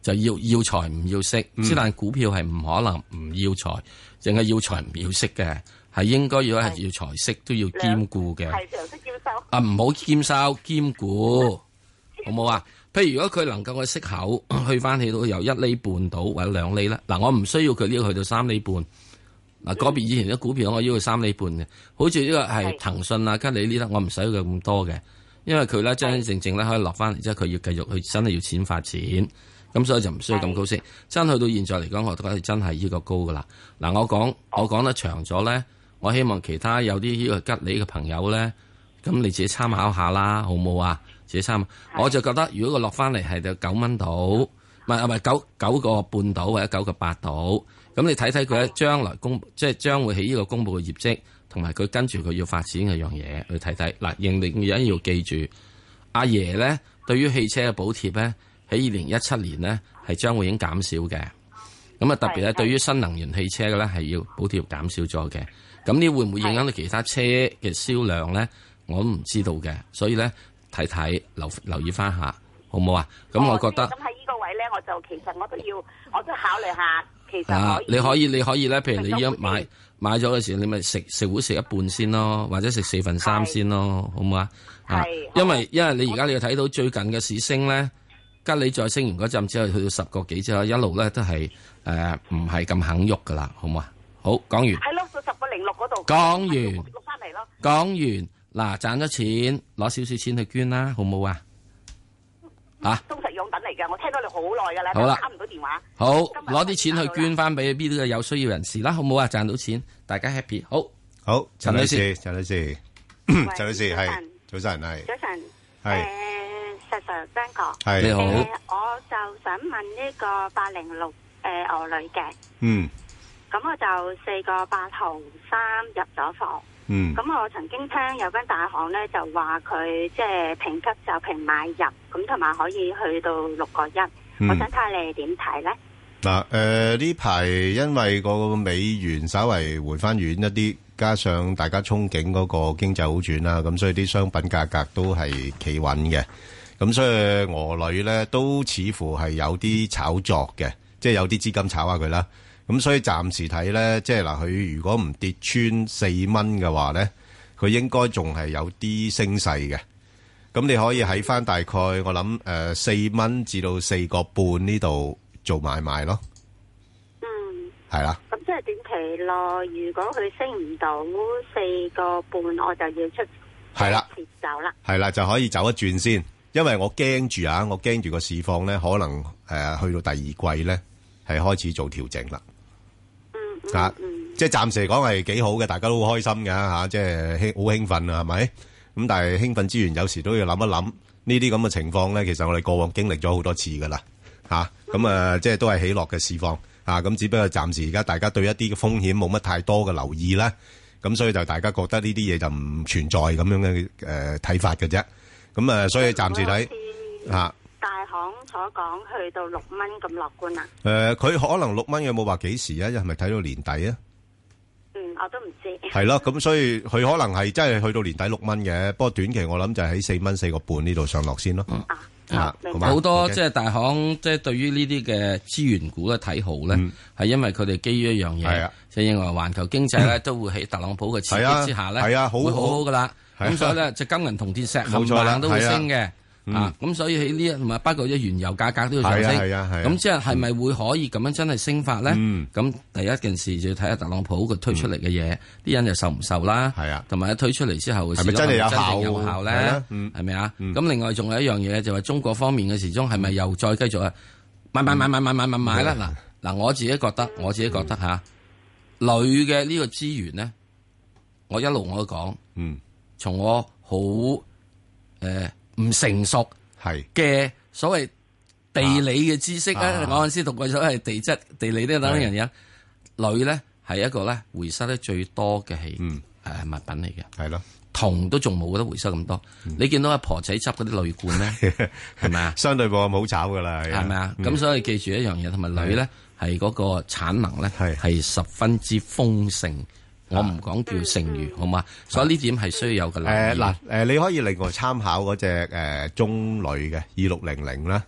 就要要財唔要息。之、嗯、但股票係唔可能唔要財，淨係要財唔要息嘅，係應該要係要財息都要兼顧嘅。係長息兼收。啊，唔好兼收兼顧，好唔好啊？譬如如果佢能夠去息口去翻起到由一厘半到或者兩厘咧，嗱我唔需要佢呢個去到三厘半。嗱嗰邊以前啲股票我要求三厘半嘅，好似呢個係騰訊啊、吉利呢粒我唔使佢咁多嘅，因為佢咧真真正正咧可以落翻嚟，即係佢要繼續去真係要錢發展，咁所以就唔需要咁高息。真去到現在嚟講，我覺得真係呢個高噶啦。嗱我講我講得長咗咧，我希望其他有啲呢個吉利嘅朋友咧，咁你自己參考下啦，好冇啊？四三，我就覺得如果佢落翻嚟係到九蚊到，唔係唔係九九個半到或者九個八到，咁你睇睇佢喺將來公的即係將會起呢個公布嘅業績，同埋佢跟住佢要發展嘅樣嘢去睇睇。嗱，另一樣要記住，阿爺咧對於汽車嘅補貼咧喺二零一七年呢係將會已經減少嘅，咁啊特別咧的對於新能源汽車嘅咧係要補貼減少咗嘅，咁呢會唔會影響到其他車嘅銷量咧？我都唔知道嘅，所以咧。睇睇留留意翻下，好唔好啊？咁、嗯、我，我覺得咁喺呢個位咧，我就其實我都要，我都考慮下。其實可、啊、你可以你可以咧，譬如你而家買買咗嘅時候，你咪食食糊食一半先咯，或者食四分三先咯，是好唔好是啊？係是。因為是因為你而家我你要睇到最近嘅市升咧，吉利再升完嗰陣之後，去到十個幾之後，一路咧都係誒唔係咁肯喐噶啦，好唔好啊？好，講完。係咯完，到十個零六度。講完。翻嚟咯。講完。嗱，賺咗錢，攞少少錢去捐啦，好唔好啊？吓！忠實用品嚟嘅，我聽咗你好耐噶啦，打唔到電話。好，攞啲錢去捐翻俾邊啲有需要人士啦，好唔好啊？賺到錢，大家 happy。好，好，陳女士，陳女士，陳女士係早晨係早晨。誒，石 Sir Ben 哥，係你好，我就想問呢個八零六誒我女嘅，嗯，咁我就四個八號三入咗房。嗯，咁我曾經聽有間大行咧就話佢即係評級就評買入，咁同埋可以去到六個一，嗯、我想睇下你哋點睇咧？嗱、嗯，誒呢排因為個美元稍微回翻軟一啲，加上大家憧憬嗰個經濟好轉啦，咁所以啲商品價格都係企穩嘅，咁所以俄女咧都似乎係有啲炒作嘅，即、就、係、是、有啲資金炒下佢啦。咁所以暫時睇咧，即係嗱，佢如果唔跌穿四蚊嘅話咧，佢應該仲係有啲升勢嘅。咁你可以喺返大概我諗誒四蚊至到四個半呢度做買賣咯。嗯，係啦。咁即係短期內，如果佢升唔到四個半，我就要出，係啦，走啦。係啦，就可以走一轉先，因為我驚住啊，我驚住個市況咧，可能誒去到第二季咧係開始做調整啦。啊，即係暫時嚟講係幾好嘅，大家都好開心嘅吓、啊，即係興好興奮啊，係咪？咁但係興奮之餘，有時都要諗一諗呢啲咁嘅情況咧。其實我哋過往經歷咗好多次噶啦，吓、啊、咁啊，即係都係喜樂嘅釋放啊。咁只不過暫時而家大家對一啲嘅風險冇乜太多嘅留意啦，咁、啊、所以就大家覺得呢啲嘢，就唔存在咁樣嘅誒睇法嘅啫。咁啊，所以暫時睇啊。行所講去到六蚊咁樂觀啊？誒，佢可能六蚊有冇話幾時啊？係咪睇到年底啊？嗯，我都唔知。係咯，咁所以佢可能係真係去到年底六蚊嘅。不過短期我諗就喺四蚊四個半呢度上落先咯。啊，明白。好多即係大行即係對於呢啲嘅資源股嘅睇好咧，係因為佢哋基於一樣嘢，就認為環球經濟咧都會喺特朗普嘅刺激之下咧係啊，會好好噶啦。咁所以呢，就金銀、銅鐵、錫、冇錯都會升嘅。啊！咁所以喺呢一同埋，包括啲原油價格都要上升咁，即係係咪會可以咁樣真係升法咧？咁第一件事就要睇下特朗普佢推出嚟嘅嘢，啲人就受唔受啦？係啊，同埋一推出嚟之後，係咪真係有效有效咧？係咪啊？咁另外仲有一樣嘢就係中國方面嘅，始終係咪又再繼續啊？買買買買買買買買啦！嗱嗱，我自己覺得我自己覺得吓，女嘅呢個資源咧，我一路我都講，嗯，從我好誒。唔 成熟係嘅所謂地理嘅知識咧，我啱先讀過所謂地質地理呢等一樣嘢。鋁咧係一個咧回收得最多嘅係誒物品嚟嘅，係咯的，銅都仲冇得回收咁多。你見到阿婆仔執嗰啲鋁罐咧，係咪啊？相對嚟冇炒噶啦，係咪啊？咁 吧所以記住一樣嘢，同埋鋁咧係嗰個產能咧係十分之豐盛。我唔講叫成語，好嘛？所以呢點係需要有嘅留意。誒嗱，誒你可以另外參考嗰隻誒中鋁嘅二六零零啦，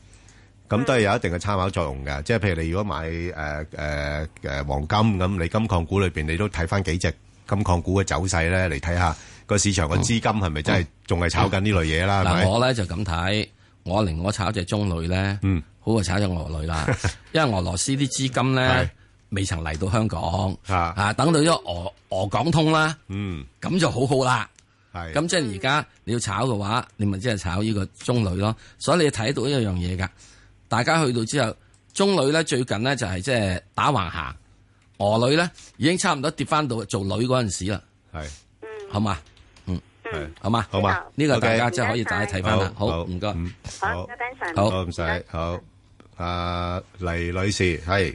咁都係有一定嘅參考作用嘅。即係譬如你如果買誒誒誒黃金咁，你金礦股裏邊你都睇翻幾隻金礦股嘅走勢咧，嚟睇下個市場個資金係咪真係仲係炒緊呢類嘢啦？嗱，我咧就咁睇，我寧可炒隻中鋁咧，嗯，好過炒隻俄鋁啦，因為俄羅斯啲資金咧。未曾嚟到香港，嚇嚇，等到咗俄鵝港通啦，嗯，咁就好好啦，係，咁即係而家你要炒嘅話，你咪即係炒呢個中女咯，所以你睇到一樣嘢㗎，大家去到之後，中女咧最近咧就係即係打橫行，俄女咧已經差唔多跌翻到做女嗰陣時啦，係，好嘛，嗯，嗯，好嘛，好嘛，呢個大家即係可以大家睇翻啦，好，唔該，嗯，好，好，唔該好，阿黎女士，係。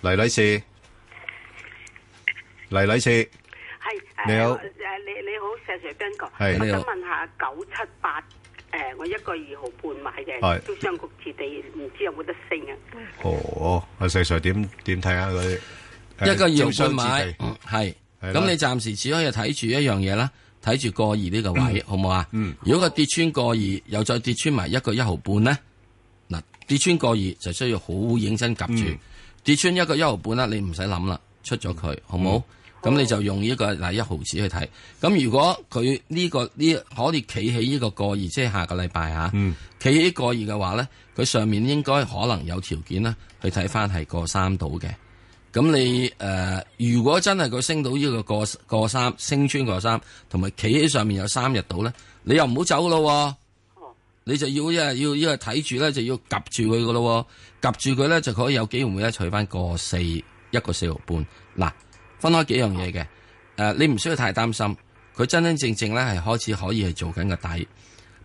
黎女士，黎女士，係你好，誒是，你你好，石 Sir 彬哥，係你想問下九七八，誒、呃，我一個二毫半買嘅招商局置地，唔知有冇得升啊？哦，阿石 Sir 點點睇啊？嗰一個二毫半買，係，咁、嗯、的你暫時只可以睇住一樣嘢啦，睇住過二呢個位，嗯、好唔好啊？嗯、如果佢跌穿過二，又再跌穿埋一個一毫半咧，嗱，跌穿過二就需要好認真夾住。嗯跌穿一個一毫半啦，你唔使諗啦，出咗佢好冇？好，好？咁、嗯、你就用呢個第一毫紙去睇。咁如果佢呢、這個呢、這個、可以企起呢個個二，即係下個禮拜啊，企、嗯、起個二嘅話咧，佢上面應該可能有條件啦，去睇翻，係過三到嘅。咁你誒、呃，如果真係佢升到呢個過過三，升穿過三，同埋企喺上面有三日到咧，你又唔好走咯、啊。你就要一係要一係睇住咧，就要及住佢噶咯，及住佢咧就可以有機會咧取翻個四一個四毫半。嗱，分開幾樣嘢嘅，誒、啊啊、你唔需要太擔心，佢真真正正咧係開始可以去做緊個底。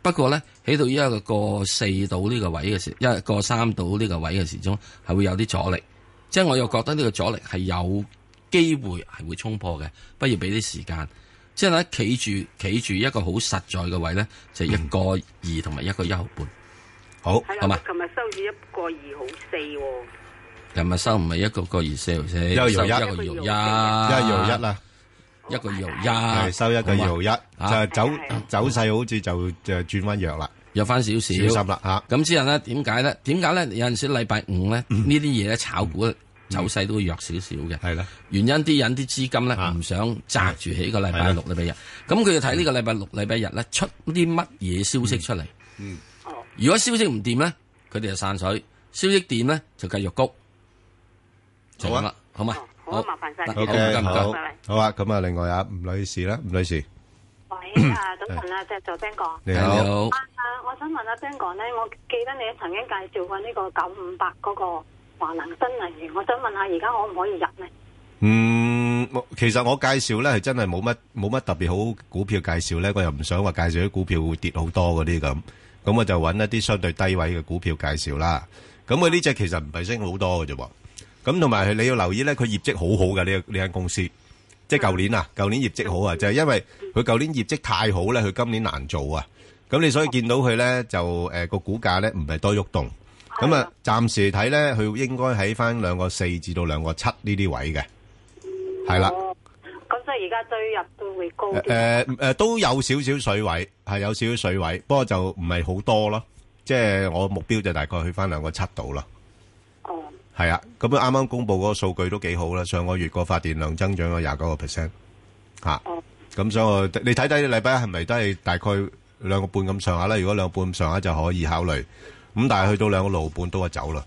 不過咧起到一個過四到呢個位嘅時，一個過三到呢個位嘅時鐘係會有啲阻力，即係我又覺得呢個阻力係有機會係會衝破嘅，不如俾啲時間。即係咧，企住企住一個好實在嘅位咧，就一個二同埋一個一毫半，好，係嘛？琴日收住一個二毫四喎，琴日收唔係一個二四毫四，一個二毫一，一個二毫一啦，一個二毫一，收一個二毫一，就係走走勢好似就就轉翻弱啦，弱翻少少，少十啦吓。咁之後咧，點解咧？點解咧？有陣時禮拜五咧，呢啲嘢啊，炒股。走勢都會弱少少嘅，係啦。原因啲人啲資金咧唔想紮住喺個禮拜六禮拜日。咁佢要睇呢個禮拜六禮拜日咧出啲乜嘢消息出嚟。嗯，如果消息唔掂咧，佢哋就散水；消息掂咧，就繼續谷。好啊，好嘛。好，麻煩晒。O K，好。好啊，咁啊，另外啊，吳女士啦，吳女士。喂，啊，早晨啊，即係做 Ben 哥。你好。啊，我想問阿 Ben 哥咧，我記得你曾經介紹過呢個九五八嗰個。華能新能源，我想問下，而家可唔可以入咧？嗯，冇，其實我介紹咧係真係冇乜冇乜特別好股票介紹咧，我又唔想話介紹啲股票會跌好多嗰啲咁，咁我就揾一啲相對低位嘅股票介紹啦。咁佢呢隻其實唔係升好多嘅啫，咁同埋你要留意咧，佢業績好好嘅呢呢間公司，即係舊年啊，舊年業績好啊，就係因為佢舊年業績太好咧，佢今年難做啊。咁你所以見到佢咧就誒個股價咧唔係多喐動。咁啊，暫時睇咧，佢應該喺翻兩個四至到兩個七呢啲位嘅，係啦。咁即係而家追入都會高啲。誒誒，都有少少水位，係有少少水位，不過就唔係好多咯。即係我目標就大概去翻兩個七度啦。哦。係啊，咁啊啱啱公佈嗰個數據都幾好啦。上個月個發電量增長咗廿九個 percent。嚇。哦。咁所以我，你睇睇禮拜係咪都係大概兩個半咁上下咧？如果兩個半咁上下就可以考慮。咁但係去到兩個六半都係走啦，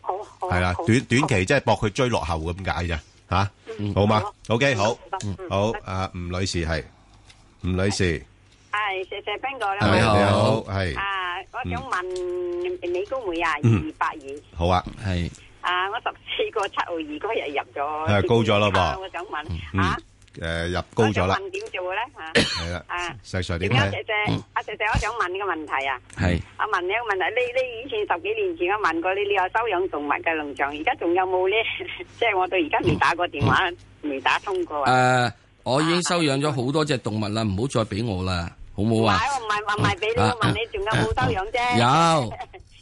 好係啦，短短期即係搏佢追落後咁解咋吓，好嘛？OK 好，好啊，吳女士係，吳女士，係謝謝邊個啦？你好，係啊，我想問美高梅啊，二八二，好啊，係啊，我十四個七號二嗰日入咗，係高咗咯噃，我想問啊。誒，入高咗啦。我想問點做咧吓？係啦。啊，石石點咧？點解石石？阿石石，我想問你個問題啊。係。阿，問你一個問題，你你以前十幾年前我問過你，你有收養動物嘅農場，而家仲有冇咧？即係我到而家未打過電話，未打通過。誒，我已經收養咗好多隻動物啦，唔好再俾我啦，好唔好啊？唔係，我唔係話賣俾你，我問你仲有冇收養啫？有。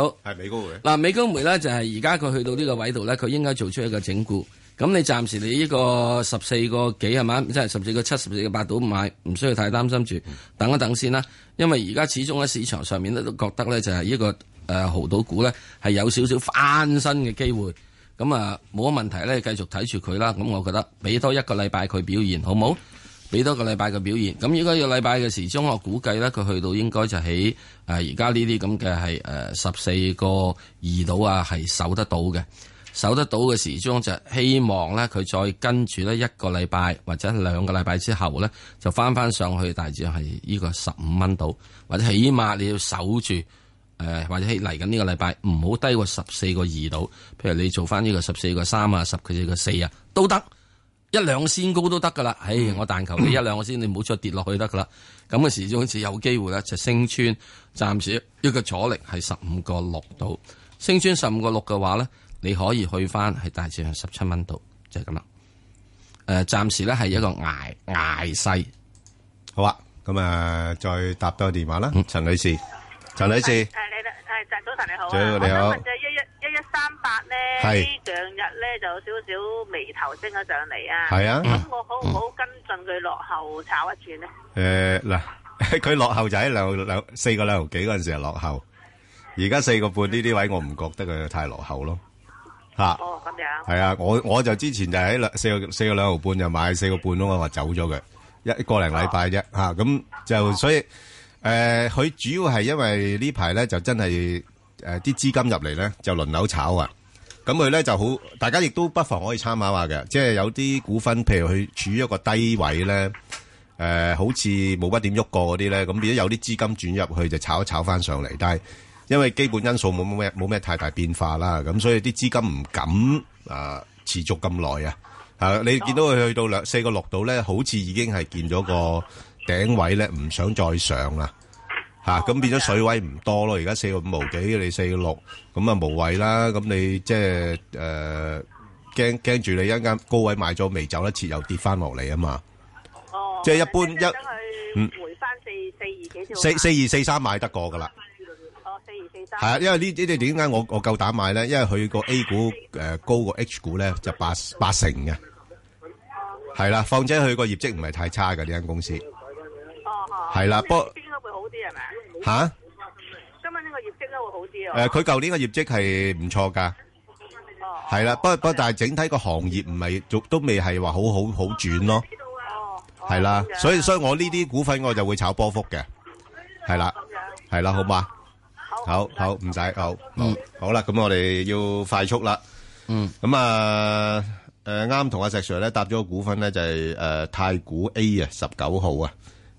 好係美高梅嗱，美高梅咧就係而家佢去到呢個位度呢，佢應該做出一個整固。咁你暫時你呢個十四個幾係嘛，即係十四個七、十四個八到唔買，唔需要太擔心住，等一等先啦。因為而家始終喺市場上面咧，都覺得呢，就係呢個誒豪賭股呢，係有少少翻身嘅機會。咁啊，冇乜問題呢，繼續睇住佢啦。咁我覺得俾多一個禮拜佢表現，好唔好？俾多個禮拜嘅表現，咁如果要禮拜嘅時鐘，我估計咧，佢去到應該就喺誒而家呢啲咁嘅係誒十四個二度啊，係守得到嘅，守得到嘅時鐘就希望咧，佢再跟住呢一個禮拜或者兩個禮拜之後咧，就翻翻上去，大致係呢個十五蚊度，或者起碼你要守住誒、呃，或者喺嚟緊呢個禮拜唔好低過十四個二度，譬如你做翻呢個十四個三啊，十四個四啊都得。一兩仙高都得噶啦，唉，我但求你一兩個仙，你唔好再跌落去得噶啦。咁嘅始終好似有機會咧，就升穿，暫時一個阻力係十五個六度。升穿十五個六嘅話咧，你可以去翻係大致係十七蚊度，就係咁啦。誒，暫時咧係一個挨挨勢，好啊。咁啊，再答多個電話啦，陳女士，陳女士，誒，你誒，早晨你好，你好。三百咧，呢兩日咧就有少少眉頭升咗上嚟啊！咁我好唔好跟進佢落後炒一轉咧？誒，嗱，佢落後就喺兩兩四個兩毫幾嗰陣時就落後，而家四個半呢啲位我唔覺得佢太落後咯。吓，哦，咁樣係啊，我我就之前就喺兩四個四個兩毫半就買四個半咯，我話走咗佢一個零禮拜啫。吓，咁就所以誒，佢主要係因為呢排咧就真係。誒啲資金入嚟咧就輪流炒啊，咁佢咧就好，大家亦都不妨可以參考下嘅，即係有啲股份，譬如佢處於一個低位咧，誒好似冇乜點喐過嗰啲咧，咁變咗有啲資金轉入去就炒一炒翻上嚟，但係因為基本因素冇咩冇咩太大變化啦，咁所以啲資金唔敢誒持續咁耐啊，係啦，你見到佢去到兩四個六度咧，好似已經係見咗個頂位咧，唔想再上啦。吓，咁變咗水位唔多咯，而家四個五毛幾，你四個六，咁啊無謂啦。咁你即係誒驚驚住你一間高位買咗未走得切，又跌翻落嚟啊嘛。哦，即係一般一嗯，回翻四四二幾？四四二四三買得過噶啦。哦，四二四三。係啊，因為呢呢啲點解我我夠膽買咧？因為佢個 A 股誒高過 H 股咧，就八八成嘅。係啦，況且佢個業績唔係太差嘅呢間公司。哦哦。係啦，不。啲係咪啊？吓，今日呢個業績咧會好啲啊？誒，佢舊年嘅業績係唔錯噶，係啦，不不，但係整體個行業唔係，都都未係話好好好轉咯，係啦，所以所以我呢啲股份我就會炒波幅嘅，係啦，係啦，好嘛？好好唔使好，好，好啦，咁我哋要快速啦，嗯，咁啊，誒，啱同阿石 Sir 咧搭咗個股份咧就係誒太古 A 啊，十九號啊。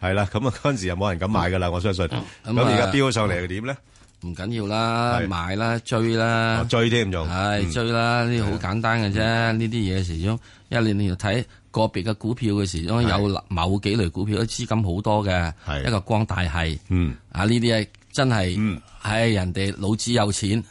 係啦，咁啊嗰陣時又冇人敢買噶啦，我相信。咁而家飆上嚟又點咧？唔緊要啦，買啦，追啦，追添仲。係追啦，呢啲好簡單嘅啫。呢啲嘢時中，因為你睇個別嘅股票嘅時中，有某幾類股票嘅資金好多嘅，一個光大係，嗯，啊呢啲啊真係，嗯，人哋老子有錢。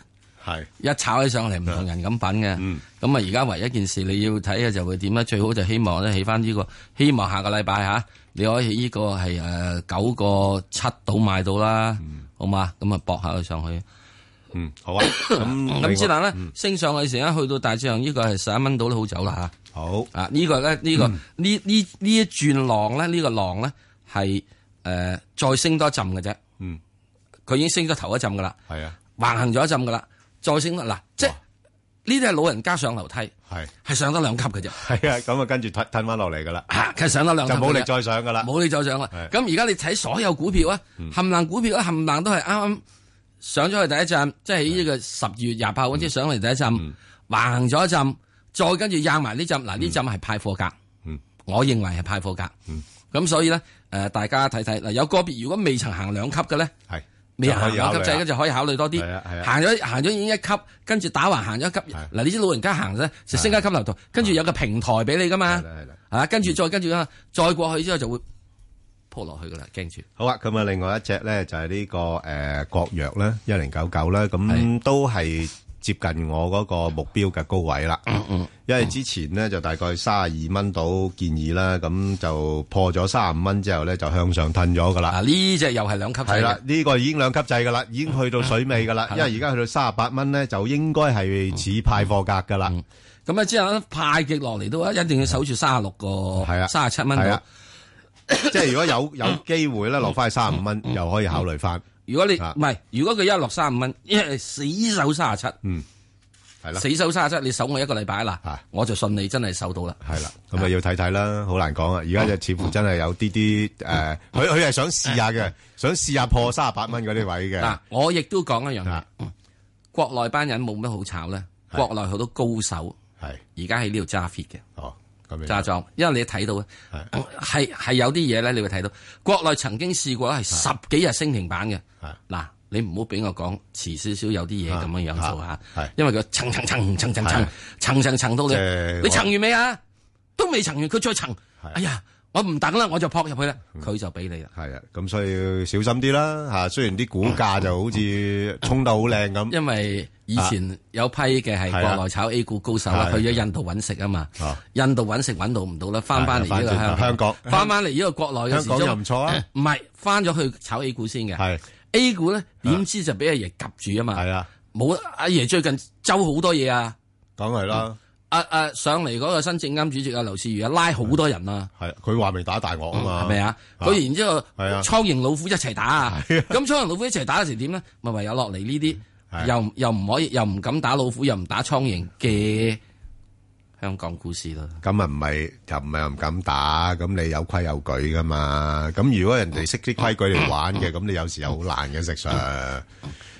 係一炒起上嚟唔同人咁品嘅，咁啊而家唯一件事你要睇嘅就會點咧？最好就希望咧起翻呢個，希望下個禮拜吓，你可以呢個係誒九個七到買到啦，好嘛？咁啊搏下佢上去，嗯好啊。咁咁先啦，升上去時咧去到大致上呢個係十一蚊到都好走啦吓。好啊呢個咧呢個呢呢呢一轉浪咧呢個浪咧係誒再升多一浸嘅啫。嗯，佢已經升咗頭一浸噶啦。係啊，橫行咗一浸噶啦。再升啦，嗱，即係呢啲係老人家上樓梯，係係上得兩級嘅啫。係啊，咁啊跟住褪褪翻落嚟噶啦。吓，上得兩就冇力再上噶啦，冇力再上啦。咁而家你睇所有股票啊，冚唪唥股票啊，冚唪唥都係啱啱上咗去第一站，即係呢個十二月廿八號先上嚟第一站，橫行咗一浸，再跟住壓埋呢浸。嗱，呢浸係派貨價，我認為係派貨價。咁所以呢，誒，大家睇睇嗱，有個別如果未曾行兩級嘅咧，係。未行一級制，跟住可，可以考慮多啲、啊啊。行咗行咗已經一級，跟住打橫行咗一級。嗱、啊，呢啲老人家行咧，就升一級樓度。跟住有個平台俾你噶嘛。係啦，跟住再跟住啦，再過去之後就會撲落去噶啦，驚住。好啊，咁啊，另外一隻咧就係、是這個呃、呢個誒國藥咧，一零九九啦，咁都係是。 接近我嗰個目標嘅高位啦，嗯嗯、因為之前呢就大概三十二蚊到建議啦，咁就破咗三十五蚊之後呢就向上褪咗噶啦。呢隻又係兩級制，係啦，呢、 啊這個已經兩級制噶啦，已經去到水尾噶啦。因為而家去到三十八蚊呢，就應該係似派貨格噶啦。咁啊、嗯，嗯嗯、之後派極落嚟都一定要守住三十六個，係 啊，三十七蚊。啊嗯、 即係如果有有機會咧，落翻去三十五蚊，又可以考慮翻。如果你唔係，如果佢一落三十五蚊，一係死守三十七，嗯，係啦，死守三十七，你守我一個禮拜啦，我就信你真係守到啦。係啦，咁啊要睇睇啦，好難講啊。而家就似乎真係有啲啲誒，佢佢係想試下嘅，想試下破三十八蚊嗰啲位嘅。嗱，我亦都講一樣嘢，國內班人冇乜好炒咧，國內好多高手，係而家喺呢度揸 fit 嘅。哦炸住，一因為你睇到咧，係係的、嗯、有啲嘢咧，你會睇到國內曾經試過係十幾日升停板嘅。嗱的，你唔好俾我講遲少少，有啲嘢咁樣樣做嚇，的的因為佢層層層層層層層層到的你，你層完未啊？都未層完，佢再層，的哎呀！我唔等啦，我就撲入去啦，佢就俾你啦。係啊，咁所以要小心啲啦吓。雖然啲股價就好似衝到好靚咁，啊、因為以前有批嘅係國內炒 A 股高手啦，啊、去咗印度揾食啊嘛。啊印度揾食揾到唔到啦，翻翻嚟呢個、啊啊、香港，翻翻嚟呢個國內嘅香港又唔錯啊。唔係翻咗去炒 A 股先嘅的，A 股咧點知就俾阿爺夾住啊嘛。係的啊，冇阿爺最近周好多嘢啊，梗係啦。嗯啊啊！上嚟嗰個新證監主席阿劉士余啊，拉好多人啊，係佢話未打大鱷啊嘛，係咪啊？佢然之後，蒼蠅老虎一齊打啊！咁蒼蠅老虎一齊打嗰時點咧？咪唯有落嚟呢啲又又唔可以又唔敢打老虎，又唔打蒼蠅嘅香港故事咯。咁啊唔係又唔係唔敢打，咁你有規有矩噶嘛？咁如果人哋識啲規矩嚟玩嘅，咁你有時又好難嘅食上。實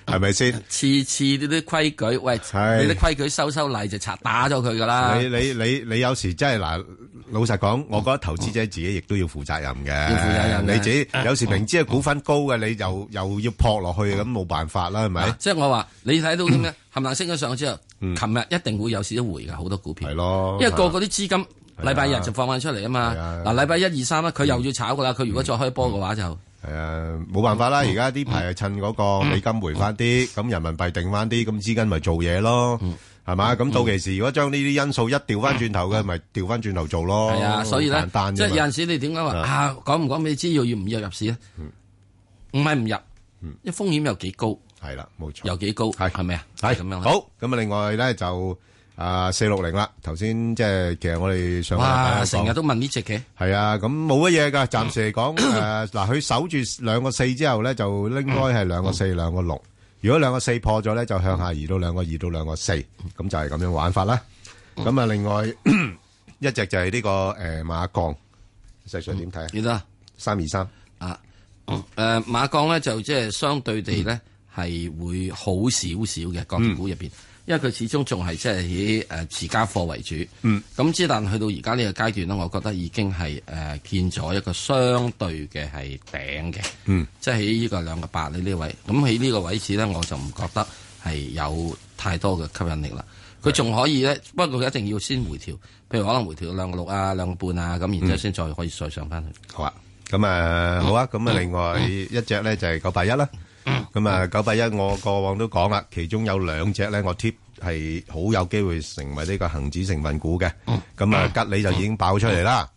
係咪先？次次呢啲規矩，喂，你啲規矩收收禮就查打咗佢噶啦。你你你你有時真係嗱，老實講，我覺得投資者自己亦都要負責任嘅。要負責任。你自己有時明知係股份高嘅，你又又要撲落去，咁冇辦法啦，係咪？即係我話你睇到啲咩，冚唪唥升咗上之後，琴日一定會有市回嘅，好多股票。係咯。因為個個啲資金禮拜日就放翻出嚟啊嘛。嗱，禮拜一、二、三啦，佢又要炒㗎啦。佢如果再開波嘅話就。誒，冇辦法啦！而家呢排趁嗰個美金回翻啲，咁人民幣定翻啲，咁資金咪做嘢咯，係嘛？咁到期時如果將呢啲因素一調翻轉頭嘅，咪調翻轉頭做咯。係啊，所以咧，即係有陣時你點解話啊，講唔講俾你知要要唔要入市咧？唔係唔入，嗯，啲風險有幾高，係啦，冇錯，有幾高，係係咪啊？係咁樣。好，咁啊，另外咧就，啊四六零啦，頭先即係其實我哋上，哇成日都問呢隻嘅，係啊，咁冇乜嘢噶，暫時嚟講誒嗱，佢守住兩個四之後咧，就應該係兩個四兩個六，如果兩個四破咗咧，就向下移到兩個二到兩個四，咁就係咁樣玩法啦。咁啊，另外一隻就係呢個誒馬鋼，石 Sir 點睇？幾多？三二三啊，誒馬鋼咧就即係相對地咧係會好少少嘅個股入邊。因為佢始終仲係即係以誒自家貨為主，咁之、嗯、但去到而家呢個階段咧，我覺得已經係誒、呃、見咗一個相對嘅係頂嘅，嗯、即係喺呢個兩個八呢呢位。咁喺呢個位置呢，我就唔覺得係有太多嘅吸引力啦。佢仲、嗯、可以咧，不過佢一定要先回調，譬如可能回調到兩個六啊、兩個半啊，咁然之後先再可以再上返去、嗯。好啊，咁誒、嗯、好啊，咁誒另外一隻呢，就係九八一啦。咁啊，九八一我過往都講啦，其中有兩隻咧，我 tip 係好有機會成為呢個恒指成分股嘅。咁啊，吉利就已經爆出嚟啦。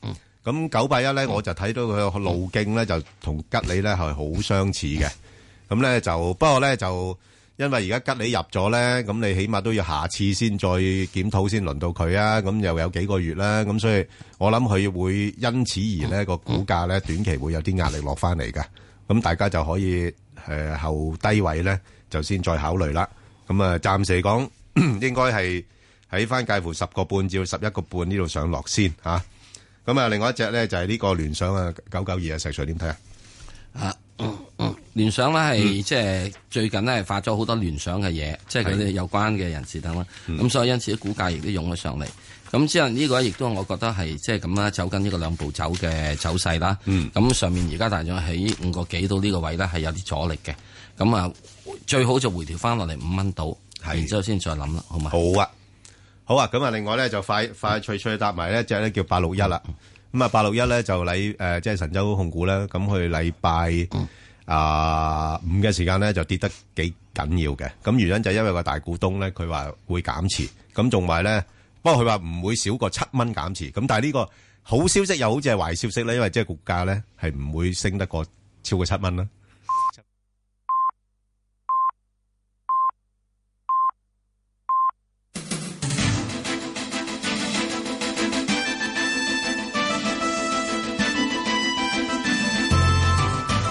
咁九八一咧，我就睇到佢個路徑咧，就同吉利咧係好相似嘅。咁咧就不過咧就因為而家吉利入咗咧，咁你起碼都要下次先再檢討，先輪到佢啊。咁又有幾個月啦，咁所以我諗佢會因此而呢個股價咧短期會有啲壓力落翻嚟嘅。咁大家就可以。誒，後低位咧就先再考慮啦。咁啊，暫時嚟講，應該係喺返介乎十個半至到十一個半呢度上落先吓。咁啊，另外一隻咧就係呢個聯想啊，九九二啊，石 Sir 點睇啊？啊，聯想咧係即係最近咧係發咗好多聯想嘅嘢，即係佢哋有關嘅人士等啦。咁所以因此啲股價亦都湧咗上嚟。咁之後，呢、呢個咧，亦都我覺得係即係咁啦，走緊呢個兩步走嘅走勢啦。咁、嗯、上面而家大眾喺五個幾到呢個位咧，係有啲阻力嘅。咁啊，最好就回調翻落嚟五蚊度，是然之後先再諗啦，好嘛？好啊，好啊。咁啊，另外咧就快快脆脆答埋一隻呢，就係、叫八六一啦。咁啊，八六一咧就禮誒，即、呃、係神州控股咧，咁佢禮拜啊五嘅時間咧就跌得幾緊要嘅。咁原因就因為個大股東咧，佢話會減持，咁仲話咧。不過佢話唔會少過七蚊減持，咁但係呢個好消息又好似係壞消息咧，因為即係股價咧係唔會升得過超過七蚊啦。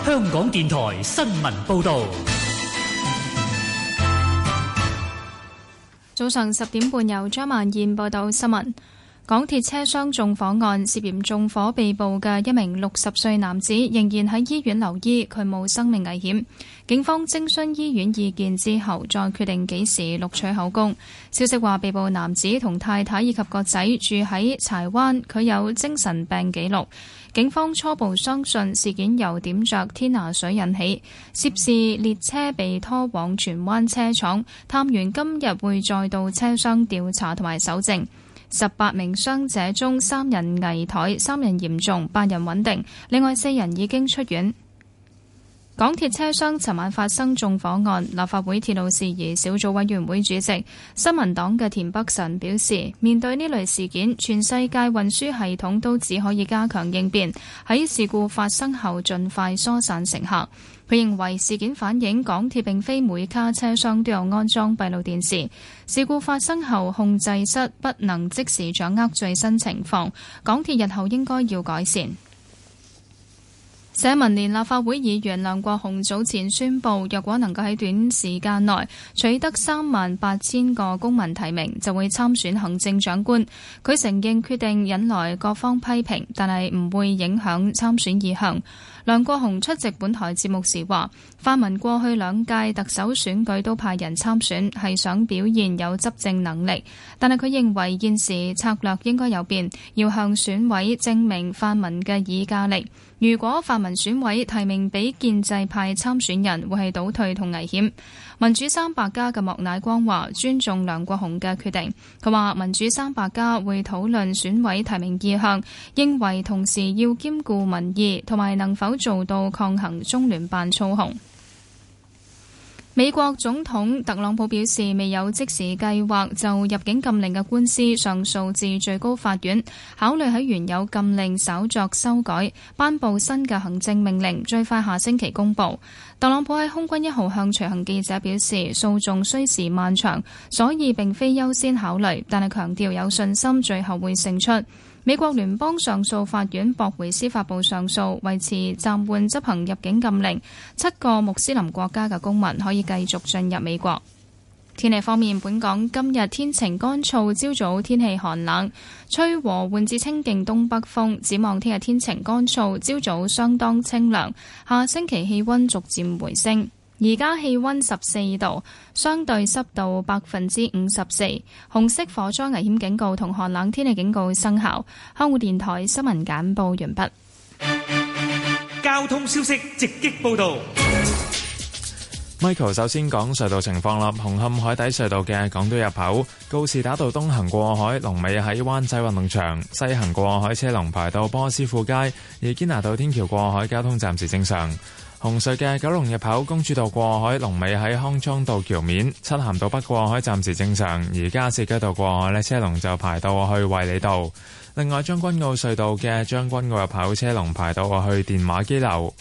香港電台新聞報道。早上十點半，由張萬燕報道新聞。港鐵車廂縱火案涉嫌縱火被捕嘅一名六十歲男子仍然喺醫院留醫，佢冇生命危險。警方徵詢醫院意見之後，再決定幾時錄取口供。消息話，被捕男子同太太以及個仔住喺柴灣，佢有精神病記錄。警方初步相信事件由點着天拿水引起，涉事列車被拖往荃灣車廠，探員今日會再到車廂調查同埋搜證。十八名傷者中，三人危殆，三人嚴重，八人穩定，另外四人已經出院。港鐵車廂尋晚發生縱火案，立法會鐵路事宜小組委員會主席、新民黨嘅田北辰表示，面對呢類事件，全世界運輸系統都只可以加強應變，喺事故發生後盡快疏散乘客。佢認為事件反映港鐵並非每卡車廂都有安裝閉路電視，事故發生後控制室不能即時掌握最新情況，港鐵日後應該要改善。社民連立法會議員梁國雄早前宣布，若果能夠喺短時間內取得三萬八千個公民提名，就會參選行政長官。佢承認決定引來各方批評，但係唔會影響參選意向。梁國雄出席本台節目時話，泛民過去兩屆特首選舉都派人參選，係想表現有執政能力，但係佢認為現時策略應該有變，要向選委證明泛民嘅議價力。如果泛民選委提名俾建制派參選人，會係倒退同危險。民主三百家嘅莫乃光話：尊重梁國雄嘅決定。佢話民主三百家會討論選委提名意向，認為同時要兼顧民意同埋能否做到抗衡中聯辦操控。美國總統特朗普表示，未有即時計劃就入境禁令嘅官司上訴至最高法院，考慮喺原有禁令稍作修改，頒布新嘅行政命令，最快下星期公布。特朗普喺空軍一號向隨行記者表示，訴訟需時漫長，所以並非優先考慮，但係強調有信心最後會勝出。美國聯邦上訴法院駁回司法部上訴，維持暫緩執行入境禁令，七個穆斯林國家嘅公民可以繼續進入美國。天氣方面，本港今日天晴乾燥，朝早天氣寒冷，吹和緩至清勁東北風，展望聽日天晴乾燥，朝早相當清涼，下星期氣溫逐漸回升。而家氣温十四度，相對濕度百分之五十四。紅色火災危險警告同寒冷天氣警告生效。香港電台新聞簡報完畢。交通消息直擊報道。Michael 首先講隧道情況啦。紅磡海底隧道嘅港島入口告士打道東行過海，龍尾喺灣仔運動場；西行過海車龍排到波斯富街，而堅拿道天橋過海交通暫時正常。紅隧嘅九龍入口公主道過海龍尾喺康莊道橋面，漆咸道北過海暫時正常，而加士居道過海咧車龍就排到我去衛理道。另外將軍澳隧道嘅將軍澳入口車龍排到我去電話機樓。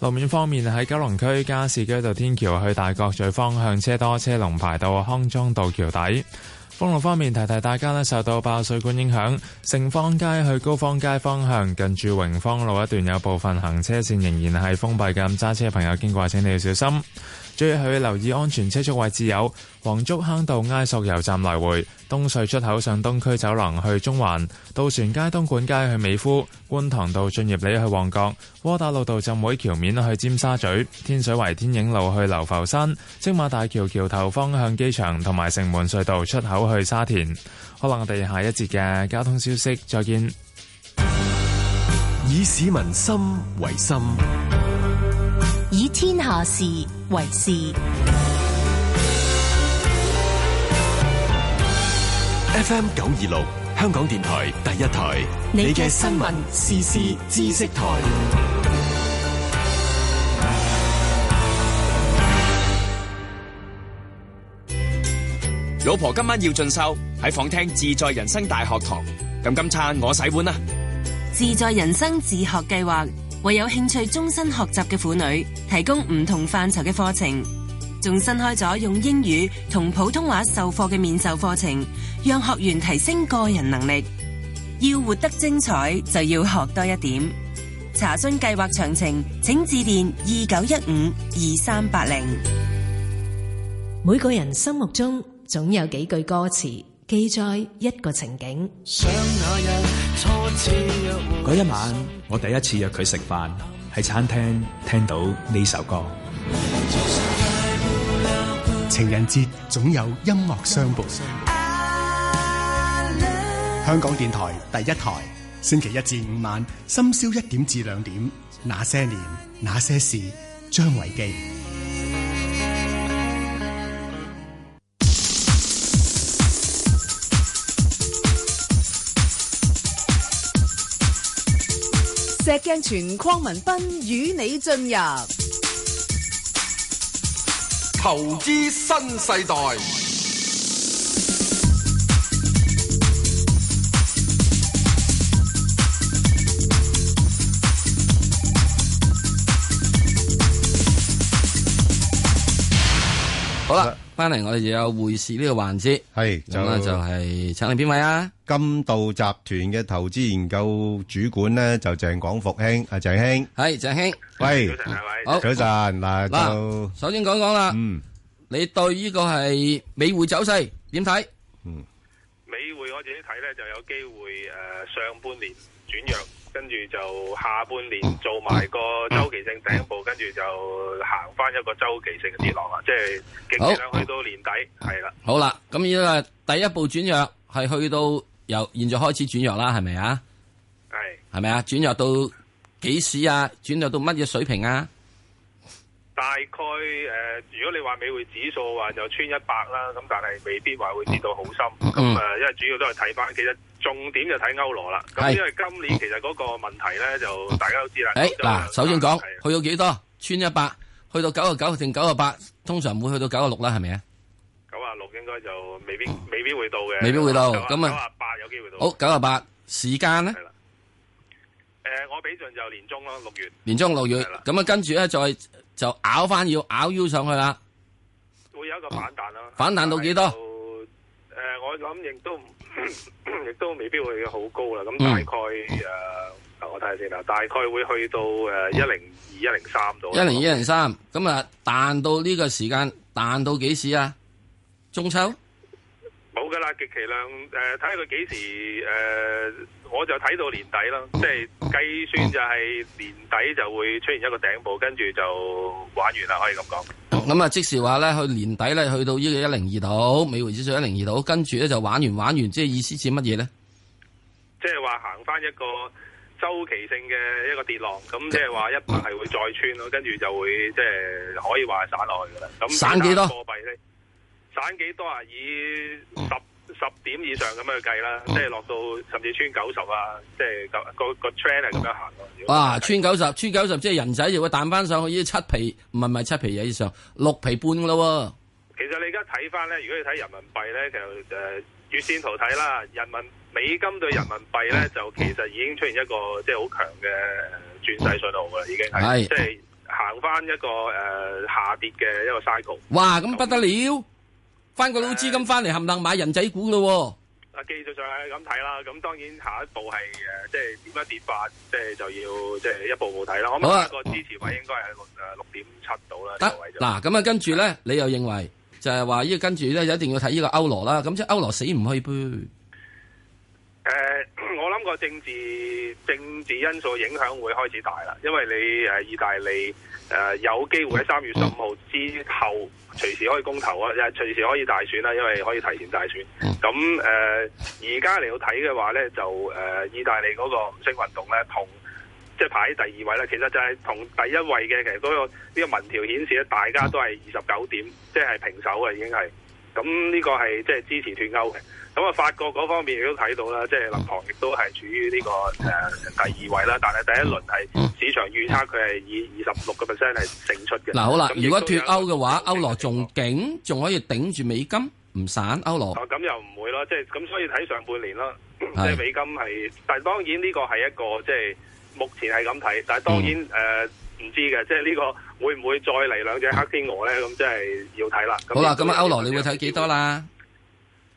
路面方面喺九龍區加士居道天橋去大角咀方向車多，車龍排到康莊道橋底。公路方面，提提大家咧，受到爆水管影響，盛芳街去高方街方向近住榮芳路一段有部分行車線仍然係封閉嘅，揸車嘅朋友經過請你要小心。最意去留意安全車速位置，有黃竹坑道埃索油站來回東隧出口上東區走廊去中環，渡船街東莞街去美孚，觀塘道駿業里去旺角，窩打老道浸會橋面去尖沙咀，天水圍天影路去流浮山，青馬大橋橋頭方向機場同埋城門隧道出口去沙田。好啦，我哋下一節嘅交通消息，再見。以市民心為心。話事為事，FM 九二六香港電台第一台，你嘅新聞時事知識台。老婆今晚要進修喺房聽自在人生大學堂，咁今餐我洗碗啊！自在人生自學計劃。為有興趣終身學習嘅婦女提供唔同範疇嘅課程，仲新開咗用英語同普通話授課嘅面授課程，讓學員提升個人能力。要活得精彩，就要學多一點。查詢計劃詳情，請致電二九一五二三八零。每個人心目中總有幾句歌詞，記載一個情景。嗰一晚，我第一次約佢食飯，喺餐廳聽到呢首歌。情人節總有音樂相伴。love 香港電台第一台，星期一至五晚，深宵一點至兩點。那些年，那些事，張維記。石鏡泉、鄺民彬與你進入投資新世代。好了。翻嚟我哋又有匯市呢個環節，係仲有就係請嚟邊位啊？金道集團嘅投資研究主管咧就鄭廣福兄，阿鄭兄，係鄭兄，喂，好早晨，嗱就首先講講啦，嗯，你對呢個係美匯走勢點睇？嗯，美匯我自己睇咧就有機會誒上半年轉弱。跟住就下半年做埋個周期性頂部，跟住就行翻一個周期性嘅跌落啊！即係竟然去到年底係啦。好啦，咁依個第一步轉弱係去到由現在開始轉弱啦，係咪啊？係，係咪啊？轉弱到幾時啊？轉弱到乜嘢水平啊？大概誒、呃，如果你話美匯指數話就穿一百啦，咁但係未必話會跌到好深。咁誒、嗯呃，因為主要都係睇翻其實，重點就睇歐羅啦，咁因為今年其實嗰個問題咧就大家都知啦。誒，嗱，首先講去到幾多？穿一百，去到九啊九定九啊八，通常會去到九啊六啦，係咪啊？九啊六應該就未必未必會到嘅，未必會到。咁啊，九啊八有機會到。好，九啊八時間咧？誒，我比盡就年中咯，六月。年中六月。咁啊，跟住咧再就拗翻要拗腰上去啦。會有一個反彈啦。反彈到幾多？誒，我諗亦都唔。亦都未必會好高啦，咁大概誒、嗯呃，我睇下先啦，大概會去到誒一零二、一零三度，一零二、一零三，咁啊彈到呢個時間，彈到幾時啊？中秋？冇噶啦，極其量誒，睇下佢幾時誒、呃，我就睇到年底咯，即係計算就係年底就會出現一個頂部，跟住就玩完啦，可以咁講。咁啊、嗯，好即是話咧，去年底咧，去到依個一零二度，美元指數一零二度，跟住咧就玩完，玩完，即係意思似乜嘢咧？即係話行翻一個周期性嘅一個跌浪，咁即係話一般係會再穿咯，跟住就會即係可以話散落去噶啦。咁散幾多？貨幣咧？散幾多啊？以十十點以上咁樣去計啦，即係落到甚至穿九十啊！即係個個個 trend 係咁樣行喎。哇、啊！穿九十，穿九十即係人仔就會彈翻上去，依七皮，唔係唔係七皮嘢以上，六皮半㗎咯喎。其實你而家睇翻咧，如果你睇人民幣咧，就誒月線圖睇啦，人民美金對人民幣咧，就其實已經出現一個即係好強嘅轉勢信號嘅啦，嗯、已經即係行翻一個誒、呃、下跌嘅一個 cycle。哇！咁不得了。翻個老資金翻嚟冚冷買人仔股咯。啊技術上係咁睇啦，咁當然下一步係誒，即係點一跌法，即係就要即係一步步睇啦。好啊，個支持位應該係誒六點五七度啦。得嗱，咁啊跟住咧，你又認為就係話呢，跟住咧一定要睇呢個歐羅啦，咁即係歐羅死唔去杯。誒。個政治政治因素影響會開始大啦，因為你誒、呃、意大利誒、呃、有機會喺三月十五號之後隨時可以公投啊，即、呃、係隨時可以大選啦，因為可以提前大選。咁誒而家嚟到睇嘅話呢，就誒、呃、意大利嗰個五星運動呢，同即係排喺第二位呢，其實就係同第一位嘅其實嗰個呢個民調顯示咧，大家都係二十九點，即係平手啊，已經係。咁呢個係即係支持脫歐嘅。咁啊，法國嗰方面都亦都睇到啦，即係立行亦都係處於呢、這個誒、呃、第二位啦。但係第一輪係市場預測佢係以二十六個 percent 係勝出嘅。嗱、嗯，好啦，如果脫歐嘅話，歐羅仲勁，仲可以頂住美金唔散歐羅。咁、哦、又唔會咯，即係咁，所以睇上半年咯是，即係美金係。但係當然呢個係一個即係目前係咁睇，但係當然誒。唔知嘅，即係呢個會唔會再嚟兩隻黑天鵝呢？咁即係要睇啦。好啦，咁啊，歐羅你會睇幾多啦？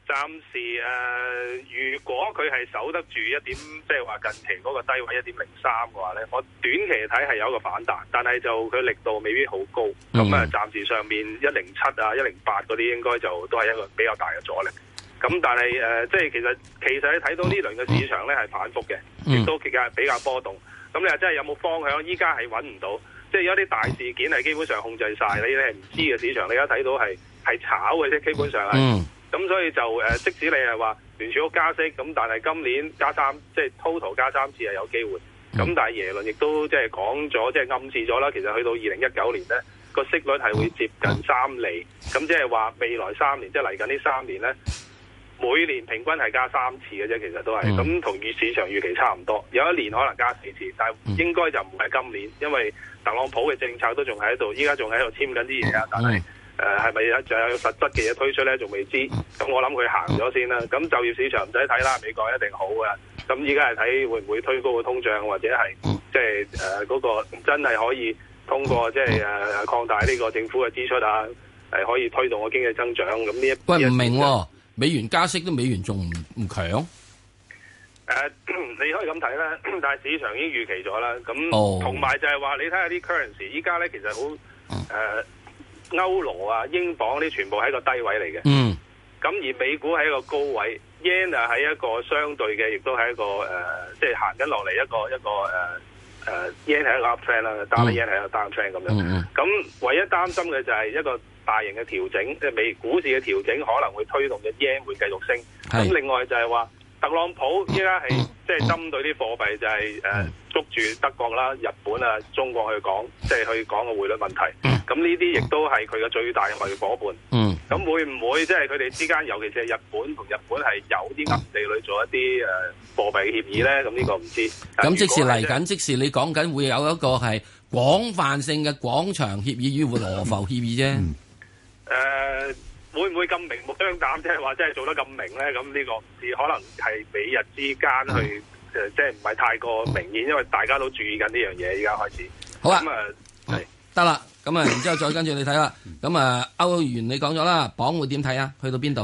暫時誒、呃，如果佢係守得住一點，即係話近期嗰個低位一點零三嘅話呢，我短期睇係有一個反彈，但係就佢力度未必好高。咁啊、嗯，暫、嗯嗯、時上面一零七啊、一零八嗰啲，應該就都係一個比較大嘅阻力。咁但係誒、呃，即係其實其實你睇到呢輪嘅市場呢係反覆嘅，亦、嗯、都其實係比較波動。咁你話真係有冇方向？依家係揾唔到，即係有啲大事件係基本上控制晒。你係唔知嘅市場你，你而家睇到係係炒嘅啫，基本上。嗯。咁所以就、呃、即使你係話聯儲局加息，咁但係今年加三，即係 total 加三次係有機會。咁、mm. 但係耶倫亦都即係講咗，即係暗示咗啦。其實去到二零一九年呢個息率係會接近三厘。咁即係話未來三年，即係嚟緊呢三年呢。每年平均係加三次嘅啫，其實都係咁同預市場預期差唔多。有一年可能加四次，但係應該就唔係今年，因為特朗普嘅政策都仲喺度，依家仲喺度簽緊啲嘢啊。但係誒係咪仲有實質嘅嘢推出咧？仲未知。咁、嗯、我諗佢行咗先啦。咁、嗯、就業市場唔使睇啦，美國一定好嘅。咁依家係睇會唔會推高個通脹，或者係即係誒嗰個真係可以通過即係誒擴大呢個政府嘅支出啊，係可以推動個經濟增長。咁呢一喂唔明美元加息都美元仲唔唔強？誒、呃，你可以咁睇啦，但係市場已經預期咗啦。咁，同埋、oh. 就係話，你睇下啲 currency，依家咧其實好誒、呃、歐羅啊、英鎊嗰啲，全部喺個低位嚟嘅。嗯。咁而美股喺一個高位，yen 啊喺一個相對嘅，亦都喺一個誒，即係行緊落嚟一個一個誒。呃誒、uh, yen 係一個 up trend 啦、uh, mm. 樣，但係 yen 係一個 down trend 咁樣咁唯一擔心嘅就係一個大型嘅調整，即係美股市嘅調整可能會推動嘅 yen 會繼續升。咁、mm. 另外就係話。特朗普依家係即係針對啲貨幣就係、是、誒、呃、捉住德國啦、日本啊、中國去講，即、就、係、是、去講個匯率問題。咁呢啲亦都係佢嘅最大嘅貿易夥伴。咁、嗯、會唔會即係佢哋之間，尤其是日本同日本係有啲暗地裏做一啲誒、呃、貨幣嘅協議咧？咁呢個唔知。咁即是嚟緊，即是你講緊會有一個係廣泛性嘅廣場協議與羅浮協議啫、嗯。誒、嗯。呃會唔會咁明目張膽，即係話，即係做得咁明咧？咁呢、呢個是可能係美日之間去，誒、啊，即係唔係太過明顯，因為大家都注意緊呢樣嘢。而家開始好啦，咁啊係得啦，咁啊，然之後再跟住你睇啦。咁啊，歐 元你講咗啦，鎊會點睇啊？去到邊度？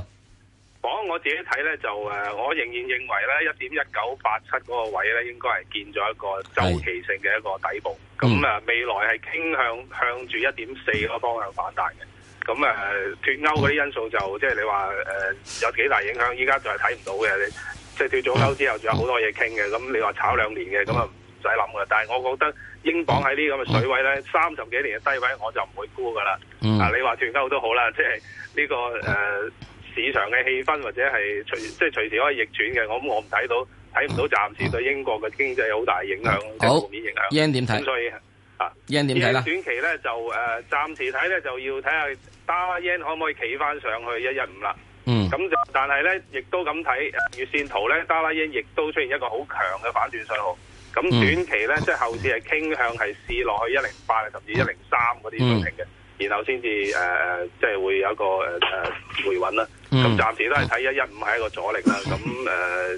鎊我自己睇咧，就誒，我仍然認為咧，一點一九八七嗰個位咧，應該係見咗一個周期性嘅一個底部。咁啊是，嗯、未來係傾向向住一點四嗰方向反彈嘅。咁誒脫歐嗰啲因素就即係你話誒、呃、有幾大影響，依家就係睇唔到嘅。你即係脫咗歐之後，仲有好多嘢傾嘅。咁你話炒兩年嘅，咁啊唔使諗嘅。但係我覺得英鎊喺呢咁嘅水位咧，三十幾年嘅低位，我就唔會沽㗎啦。嗯、啊，你話脫歐都好啦，即係呢、呢個誒、呃、市場嘅氣氛或者係隨即隨時可以逆轉嘅。我我唔睇到，睇唔到，暫時對英國嘅經濟有好大影響嘅負、嗯、面影響。yen 點睇？所以啊 yen 點睇啦？短期咧就誒，暫時睇咧就要睇下。達拉 yen 可唔可以企翻上去一一五啦？嗯，咁就但係咧，亦都咁睇月綫圖咧，達拉 yen 亦都出現一個好強嘅反轉信號。咁短期咧，嗯、即係後市係傾向係試落去一零八，甚至一零三嗰啲水平嘅，嗯、然後先至誒誒，即、呃、係、就是、會有一個誒誒、呃、回穩啦。咁、嗯、暫時都係睇一一五係一個阻力啦。咁誒、嗯呃，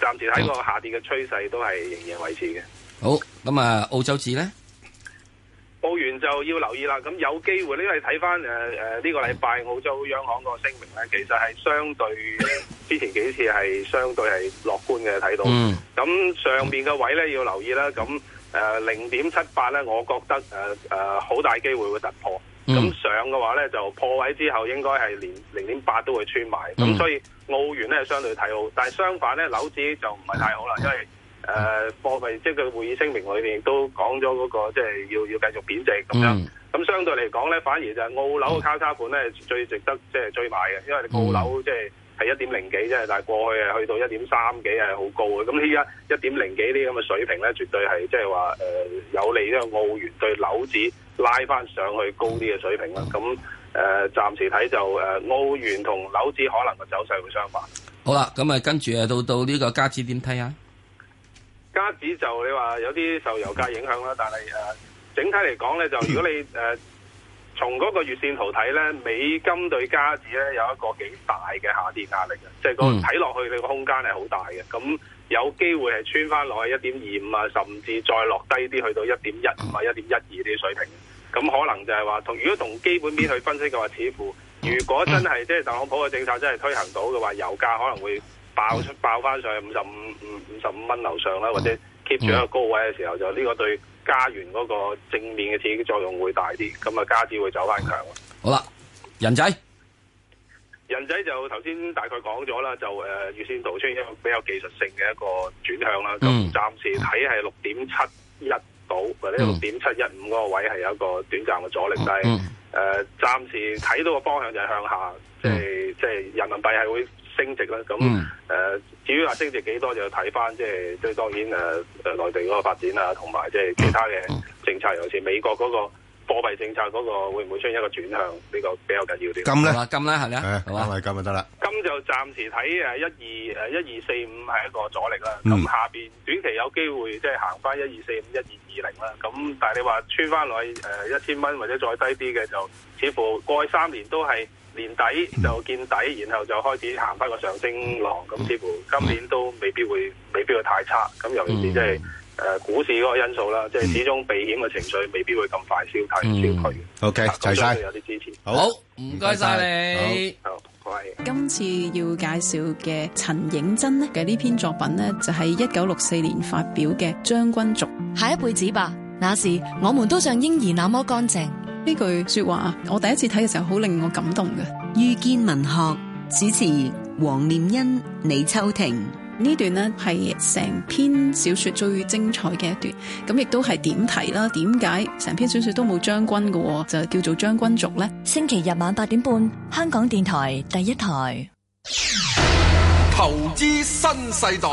暫時睇個下跌嘅趨勢都係仍然維持嘅。好，咁啊，澳洲紙咧。澳元就要留意啦，咁有機會呢個睇翻誒誒呢個禮拜澳洲央行個聲明咧，其實係相對、呃、之前幾次係相對係樂觀嘅睇到。咁、嗯、上面嘅位咧要留意啦，咁誒零點七八咧，我覺得誒誒好大機會會突破。咁、嗯、上嘅話咧就破位之後應該係連零點八都會穿埋。咁、嗯、所以澳元咧相對睇好，但係相反咧樓指就唔係太好啦，因為。誒、啊、貨幣即係佢會議聲明裏面都講咗嗰個，即、就、係、是、要要繼續貶值咁樣。咁、嗯、相對嚟講咧，反而就係澳樓嘅交叉盤咧，最值得即係追買嘅，因為你澳樓即係係一點零幾啫，但係過去係去到一點三幾係好高嘅。咁依家一點零幾呢啲咁嘅水平咧，絕對係即係話誒有利呢個澳元對樓指拉返上去高啲嘅水平啦。咁誒、嗯呃、暫時睇就誒、呃、澳元同樓指可能個走勢會相反。好啦吧，咁啊跟住啊到到呢個加指點睇啊？加紙就你話有啲受油價影響啦，但係誒、呃、整體嚟講咧，就如果你誒從嗰個月線圖睇咧，美金對加紙咧有一個幾大嘅下跌壓力嘅，即、就、係、是、個睇落去佢個空間係好大嘅，咁有機會係穿翻落去一點二五啊，甚至再落低啲去到一點一，唔係一點一二啲水平，咁可能就係話，如果同基本面去分析嘅話，似乎如果真係即係特朗普嘅政策真係推行到嘅話，油價可能會。嗯、爆出爆翻上去五十五五五十五蚊樓上啦，嗯、或者 keep 住一個高位嘅時候，嗯、就呢個對加元嗰個正面嘅刺激作用會大啲，咁啊加資會走翻強。好啦，人仔，人仔就頭先大概講咗啦，就誒，月線圖出現一個比較技術性嘅一個轉向啦。咁暫、嗯、時睇係六點七一到或者六點七一五嗰個位係有一個短暫嘅阻力，嗯、但係誒，暫、呃、時睇到嘅方向就係向下，嗯嗯、即係即係人民幣係會。升值啦，咁誒，至於話升值幾多就，就要睇翻即係即係當然誒誒內地嗰個發展啊，同埋即係其他嘅政策，尤其美國嗰個貨幣政策嗰個會唔會出現一個轉向？呢個比較緊要啲。金咧，金咧，係啊，好啊，係金就得啦。咁就暫時睇誒一二誒一二四五係一個阻力啦。咁、嗯、下邊短期有機會即係行翻一二四五一二二零啦。咁但係你話穿翻落去誒一千蚊或者再低啲嘅就似乎過去三年都係。年底就見底，然後就開始行返個上升浪，咁似乎今年都未必會，未必會太差。咁尤其是即係誒股市嗰個因素啦，即係始終避險嘅情緒未必會咁快消退。消退。OK，齊晒，有啲支持。好，唔該晒你。好，唔該。今次要介紹嘅陳映真呢嘅呢篇作品呢，就係一九六四年發表嘅《將軍族》，下一輩子吧。那時我們都像嬰兒那麼乾淨。呢句說話，我第一次睇嘅時候好令我感動嘅。遇見文學，主持黃念欣、李秋婷，呢段呢係成篇小說最精彩嘅一段，咁亦都係點題啦。點解成篇小說都冇將軍嘅，就叫做將軍族呢？呢星期日晚八點半，香港電台第一台，投資新世代。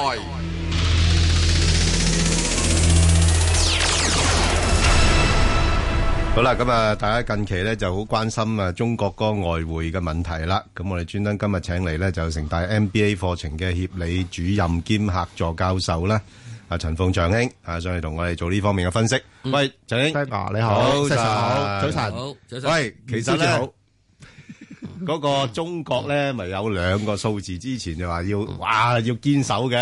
好啦，咁啊，大家近期咧就好關心啊，中國嗰個外匯嘅問題啦。咁我哋專登今日請嚟咧，就成大 MBA 課程嘅協理主任兼客座教授啦，阿陳鳳祥兄啊，上嚟同我哋做呢方面嘅分析。喂，祥兄啊，你好，早晨，早晨，早晨。喂，其實咧，嗰個中國咧，咪有兩個數字之前就話要，哇，要堅守嘅，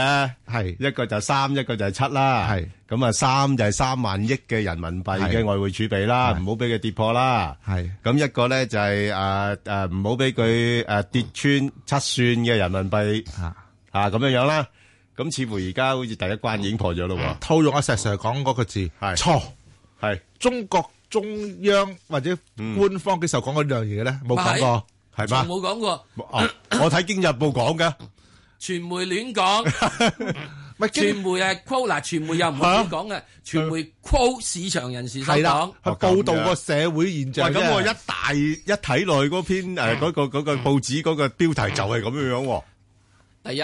係一個就三，一個就七啦，係。咁啊，三就係三萬億嘅人民幣嘅外匯儲備啦，唔好俾佢跌破啦。係咁一個咧就係誒誒，唔好俾佢誒跌穿七算嘅人民幣吓吓咁樣樣啦。咁似乎而家好似第一關已經破咗咯。㖏套用阿石 Sir 講嗰個字係錯，係中國中央或者官方幾時講過呢樣嘢咧？冇講過係嘛？冇講過。我睇經濟日報講嘅，傳媒亂講。咪傳媒係 call 嗱，傳媒又唔可以講嘅，傳媒 call 市場人士嚟講，去報導個社會現象。喂，咁我一大一睇落去嗰篇誒嗰個嗰個報紙嗰個標題就係咁樣樣。第一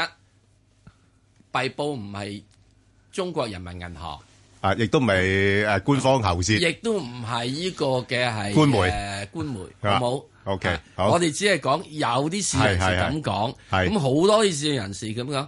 幣報唔係中國人民銀行，啊，亦都唔係誒官方喉舌，亦都唔係呢個嘅係官媒，官媒好冇？OK，好，我哋只係講有啲市場人士咁講，咁好多啲市場人士咁講。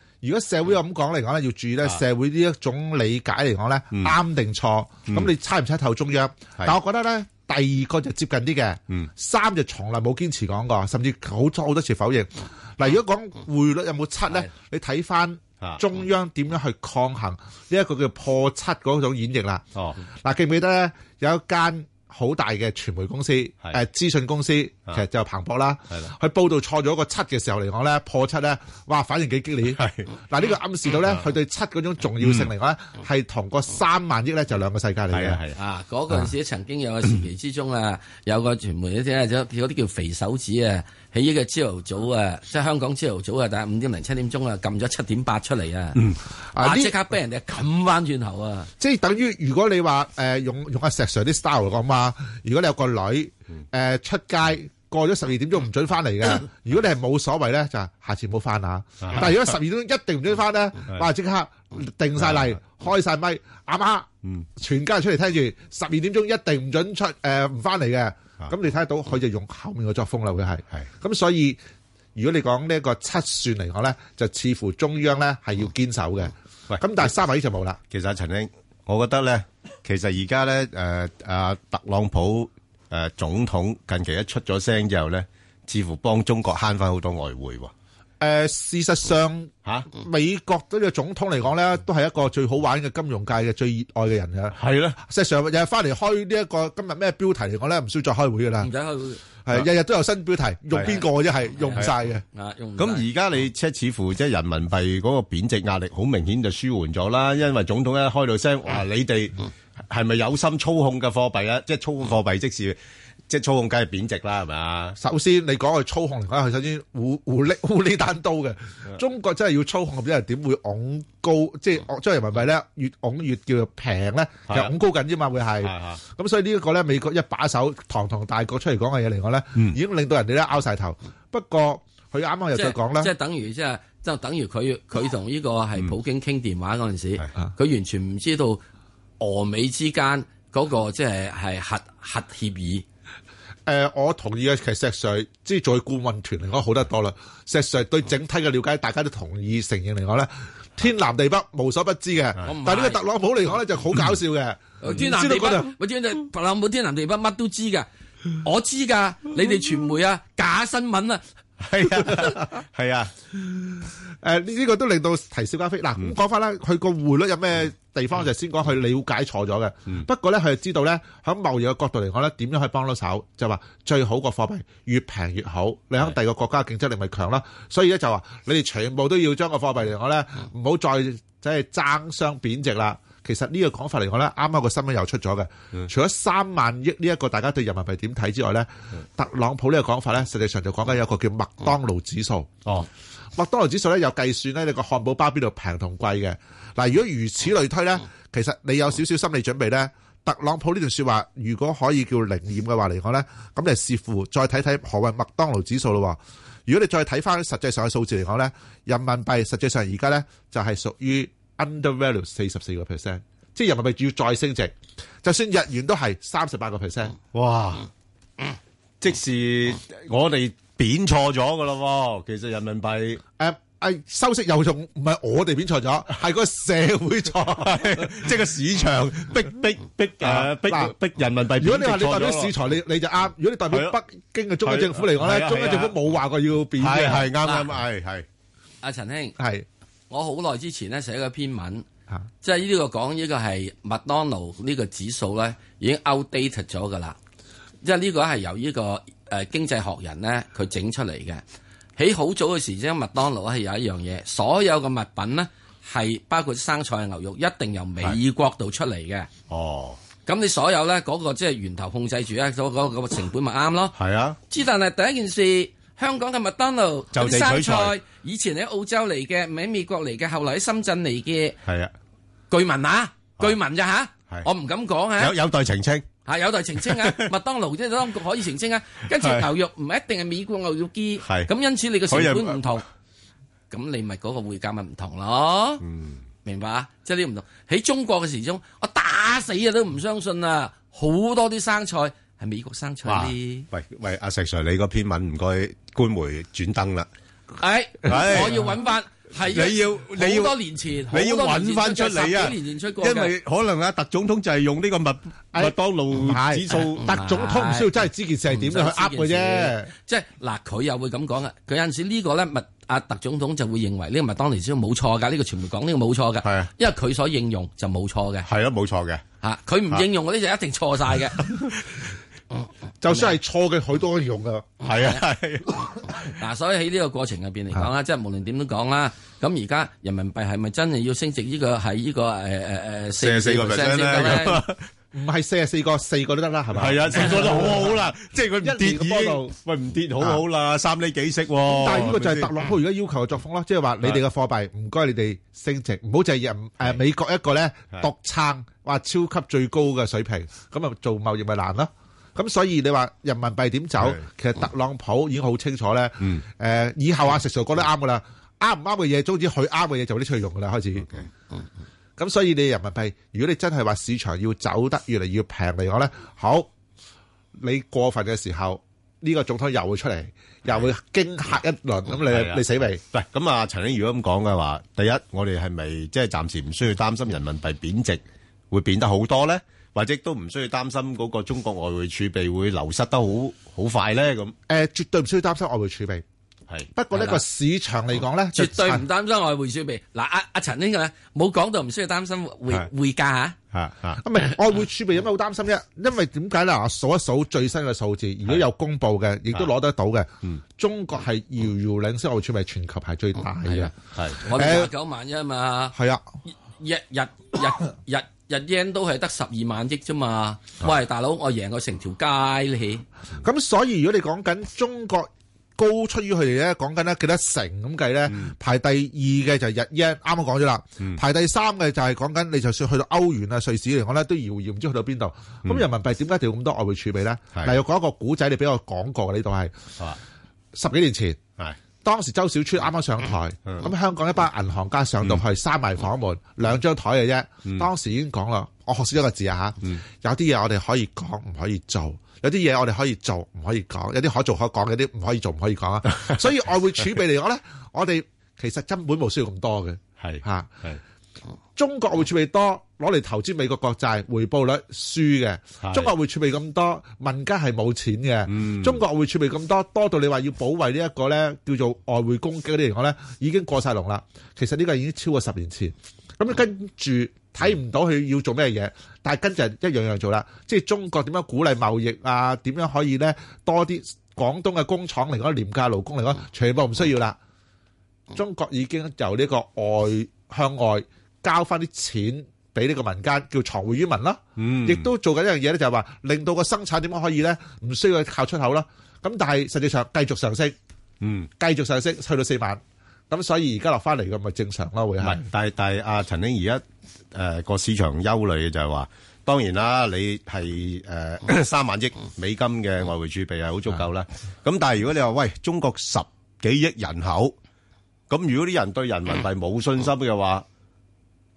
如果社會咁講嚟講咧，要注意咧社會呢一種理解嚟講咧，啱定、嗯、錯？咁你猜唔猜透中央？是的 但我覺得咧，第二個就接近啲嘅。嗯、三就從來冇堅持講過，甚至好多好多次否認。嗱，如果講匯率有冇七咧，的你睇翻中央點樣去抗衡呢一、個叫破七嗰種演繹啦。嗱，記唔記得咧？有一間好大嘅傳媒公司，誒的、啊、資訊公司。其實就彭博啦，佢的報道錯咗個七嘅時候嚟講咧，破七咧，哇，反應幾激烈！嗱呢的、啊這個暗示到咧，佢的對七嗰種重要性嚟講，係、嗯、同個三萬億咧就是、兩個世界嚟嘅。啊，嗰、那、陣、個、時曾經有個時期之中啊，有個傳媒咧、啊，嗰啲叫肥手指啊，起一個朝頭早啊，即係香港朝頭早啊，但係五點零七點鐘啊，撳咗七點八出嚟啊，嗯、啊即刻俾人哋冚翻轉頭啊！啊即係等於如果你話誒、呃、用用阿石 Sir 啲 style 嚟講嘛，如果你有個女誒、呃、出街、嗯。嗯過咗十二點鐘唔准翻嚟嘅，如果你係冇所謂咧，就下次唔好翻啦。但係如果十二點鐘一定唔准翻咧，哇！即刻定晒例，開晒咪，阿媽，嗯，全家人出嚟聽住，十二點鐘一定唔准出誒，唔翻嚟嘅。咁你睇得到，佢就用後面嘅作風啦，會係。係。咁所以，如果你講呢一個七算嚟講咧，就似乎中央咧係要堅守嘅。喂，咁但係三位就冇啦。其實陳英，我覺得咧，其實而家咧誒啊特朗普。誒，總統近期一出咗聲之後咧，似乎幫中國慳翻好多外匯喎。誒，事實上嚇，啊、美國嗰個總統嚟講咧，嗯、都係一個最好玩嘅金融界嘅最熱愛嘅人㗎。係啦的，事實上日日翻嚟開呢、這、一個今日咩標題嚟講咧，唔需要再開會㗎啦。唔使開會，係日日都有新標題，用邊個啫？係用晒嘅。咁而家你即係似乎即係人民幣嗰個貶值壓力好明顯就舒緩咗啦，因為總統一開到聲話你哋。係咪有心操控嘅貨幣啊？即係操控貨幣即，即是即係操控，梗係貶值啦，係咪啊？首先，你講係操控，嚟佢首先胡胡捏胡捏單刀嘅。中國真係要操控，唔知係點會昂高？即係將人民幣咧越昂越叫做平咧，其實昂高緊啫嘛，會係。咁、啊啊、所以呢、這、一個咧，美國一把手堂堂大國出嚟講嘅嘢嚟講咧，已經令到人哋咧拗曬頭。嗯、不過佢啱啱又再講咧，剛剛即係等於即係，就等於佢佢同呢個係、這個、普京傾電話嗰陣時，佢完全唔知道。俄美之間嗰、那個即係係核核協議，誒、呃，我同意嘅。其實石 Sir 即係在顧問團嚟講好得多啦。石 Sir 對整體嘅了解，大家都同意承認嚟講咧，天南地北，無所不知嘅。但係呢個特朗普嚟講咧，嗯、就好搞笑嘅。天南地北，特朗普天南地北乜都知㗎，我知㗎。你哋傳媒啊，假新聞啊。係 啊，係啊，誒呢呢個都令到啼笑皆非。嗱、嗯，咁講翻啦，佢個匯率有咩地方就、嗯、先講，佢了解錯咗嘅。嗯、不過咧，佢就知道咧，喺貿易嘅角度嚟講咧，點樣去以幫到手就話、是、最好個貨幣越平越好，你喺第二個國家競爭力咪強啦。是所以咧就話，你哋全部都要將個貨幣嚟講咧，唔好、嗯、再即係爭相貶值啦。其實呢個講法嚟講呢，啱啱個新聞又出咗嘅。除咗三萬億呢一個大家對人民幣點睇之外呢，特朗普呢個講法呢，實際上就講緊有一個叫麥當勞指數。哦，麥當勞指數呢，有計算呢，你個漢堡包邊度平同貴嘅。嗱，如果如此類推呢，其實你有少少心理準備呢。特朗普呢段說話如果可以叫靈驗嘅話嚟講呢，咁就視乎再睇睇何為麥當勞指數咯。如果你再睇翻實際上嘅數字嚟講呢，人民幣實際上而家呢，就係屬於 undervalue 四十四個 percent，即係人民幣主要再升值，就算日元都係三十八個 percent，哇！即時我哋貶錯咗噶啦，其實人民幣誒誒，收息又仲唔係我哋貶錯咗，係個社會錯，即係個市場逼逼逼誒，逼逼人民幣。如果你話你代表市場，你你就啱；如果你代表北京嘅中央政府嚟講咧，中央政府冇話過要貶嘅，係啱啱，係係。阿陳兄係。我好耐之前咧寫個篇文，啊、即係呢個講呢個係麥當勞呢個指數咧已經 outdated 咗噶啦，即係呢個係由呢、這個誒、呃、經濟學人咧佢整出嚟嘅。喺好早嘅時，呢麥當勞係有一樣嘢，所有嘅物品咧係包括生菜、牛肉，一定由美國度出嚟嘅。哦是，咁你所有咧嗰、那個即係源頭控制住咧，所、那、嗰個成本咪啱咯。係啊，之但係第一件事。香港嘅麥當勞就生菜，以前喺澳洲嚟嘅，唔係喺美國嚟嘅，後來喺深圳嚟嘅。係啊，據聞啊，據聞咋吓？我唔敢講啊。有有待澄清，吓，有待澄清啊！麥當勞即係當局可以澄清啊。跟住牛肉唔係一定係美國牛肉機，咁因此你個成本唔同，咁你咪嗰個會價咪唔同咯。嗯，明白啊，即係啲唔同喺中國嘅時鐘，我打死啊都唔相信啊，好多啲生菜，係美國生菜啲。喂喂，阿石 Sir，你嗰篇文唔該官媒轉登啦，係係，我要揾翻，係你要，你要多年前，你要揾翻出嚟啊，因為可能阿特總統就係用呢個麥麥當勞指數，特總統唔需要真係知件事係點樣去噏嘅啫。即係嗱，佢又會咁講啊，佢有陣時呢個咧麥阿特總統就會認為呢個麥當勞指數冇錯噶，呢個傳媒講呢個冇錯噶，係啊，因為佢所應用就冇錯嘅，係咯，冇錯嘅，吓佢唔應用嗰啲就一定錯晒嘅。就算係錯嘅，好多用噶。係啊，係、啊。嗱、啊， 所以喺呢個過程入邊嚟講啦，啊、即係無論點都講啦。咁而家人民幣係咪真係要升值、這個？呢、這個喺呢個誒誒誒四廿四個 percent 唔係四啊四個，個，四個都得啦，係咪？係啊，四個就好啦， 即係佢一跌已經喂唔跌好好啦，啊、三厘幾息。但係呢個就係特朗普而家要求嘅作風啦，即係話你哋嘅貨幣唔該你哋升值，唔好就係誒美國一個咧獨撐，話超級最高嘅水平，咁啊做貿易咪難咯。咁所以你話人民幣點走，的其實特朗普已經好清楚咧。誒、嗯，以後阿石嫂講得啱噶啦，啱唔啱嘅嘢，總之佢啱嘅嘢就會出去用噶啦。開始，咁 okay ,、um, 所以你人民幣，如果你真係話市場要走得越嚟越平嚟講咧，好，你過分嘅時候，呢、這個總統又會出嚟，的又會驚嚇一輪，咁、嗯、你的你死未？唔係咁啊，陳英如果咁講嘅話，第一，我哋係咪即係暫時唔需要擔心人民幣貶值會貶得好多咧？或者都唔需要擔心嗰個中國外匯儲備會流失得好好快咧咁？誒，絕對唔需要擔心外匯儲備，係。不過呢個市場嚟講咧，絕對唔擔心外匯儲備。嗱，阿阿陳呢冇講到唔需要擔心匯匯價啊。吓吓，咁咪外匯儲備有咩好擔心啫？因為點解咧？我數一數最新嘅數字，如果有公布嘅，亦都攞得到嘅。中國係遙遙領先，外匯儲備全球係最大嘅。係我哋九萬億嘛。係啊，日日日日。日 yen 都係得十二萬億啫嘛，喂大佬，我贏過成條街你，咁、嗯、 所以如果你講緊中國高出於佢哋咧，講緊咧幾多成咁計咧，嗯、排第二嘅就係日 yen 啱啱講咗啦，排第三嘅就係講緊你就算去到歐元啊、瑞士嚟講咧，都遙遙唔知去到邊度，咁、嗯嗯、人民幣點解要咁多外匯儲備咧？但係的講一個古仔，你俾我講過，呢度係十幾年前。當時周小川啱啱上台，咁、嗯、香港一班銀行家上到去閂埋房門，嗯、兩張台嘅啫。嗯、當時已經講咯，我學識一個字啊、嗯、有啲嘢我哋可以講，唔可以做；有啲嘢我哋可以做，唔可以講；有啲可做可講嘅，有啲唔可以做唔可以講啊。以以 所以外匯儲備嚟講咧， 我哋其實根本冇需要咁多嘅，係嚇。中國外匯儲備多。攞嚟投資美國國債，回報率輸嘅。的中國會儲備咁多，民間係冇錢嘅。嗯、中國會儲備咁多，多到你話要保衞呢一個呢叫做外匯攻擊嗰啲嚟講呢已經過晒龍啦。其實呢個已經超過十年前。咁跟住睇唔到佢要做咩嘢，但係跟住一樣樣做啦。即係中國點樣鼓勵貿易啊？點樣可以呢？多啲廣東嘅工廠嚟講，廉價勞工嚟講，全部唔需要啦。中國已經由呢個外向外交翻啲錢。俾呢個民間叫藏匯於民啦，亦、嗯、都做緊一樣嘢咧，就係話令到個生產點樣可以咧，唔需要靠出口啦。咁但係實際上繼續上升，嗯、繼續上升去到四萬，咁所以而家落翻嚟咁咪正常咯，會係。但係但係阿、啊、陳英而家誒個市場憂慮嘅就係話，當然啦，你係誒、呃、 三萬億美金嘅外匯儲備係好足夠啦。咁是的 但係如果你話喂，中國十幾億人口，咁如果啲人對人民幣冇信心嘅 話，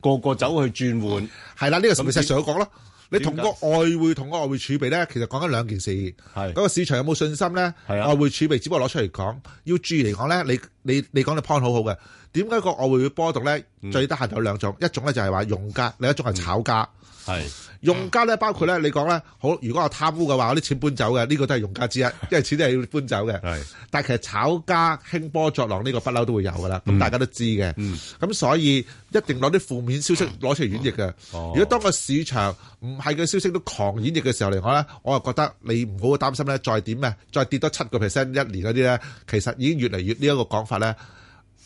個個走去轉換，係啦，呢個石 Sir 都講咯。你同個外匯同個外匯儲備咧，其實講緊兩件事。係的，嗰個市場有冇信心咧？的外匯儲備只不過攞出嚟講，要注意嚟講咧，你你你講嘅 point 好好嘅。點解個外匯會波動咧？最得閒有兩種，一種咧就係話用家，另一種係炒家。係用、嗯、家咧，包括咧，你講咧，好，如果我貪污嘅話，我啲錢搬走嘅，呢、這個都係用家之一，因為錢都係要搬走嘅。係、嗯，但係其實炒家興波作浪呢個不嬲都會有噶啦。咁大家都知嘅。咁、嗯嗯、所以一定攞啲負面消息攞出嚟演繹嘅。如果當個市場唔係嘅消息都狂演繹嘅時候嚟講咧，我就覺得你唔好擔心咧，再點啊，再跌多七個 percent 一年嗰啲咧，其實已經越嚟越呢一個講法咧。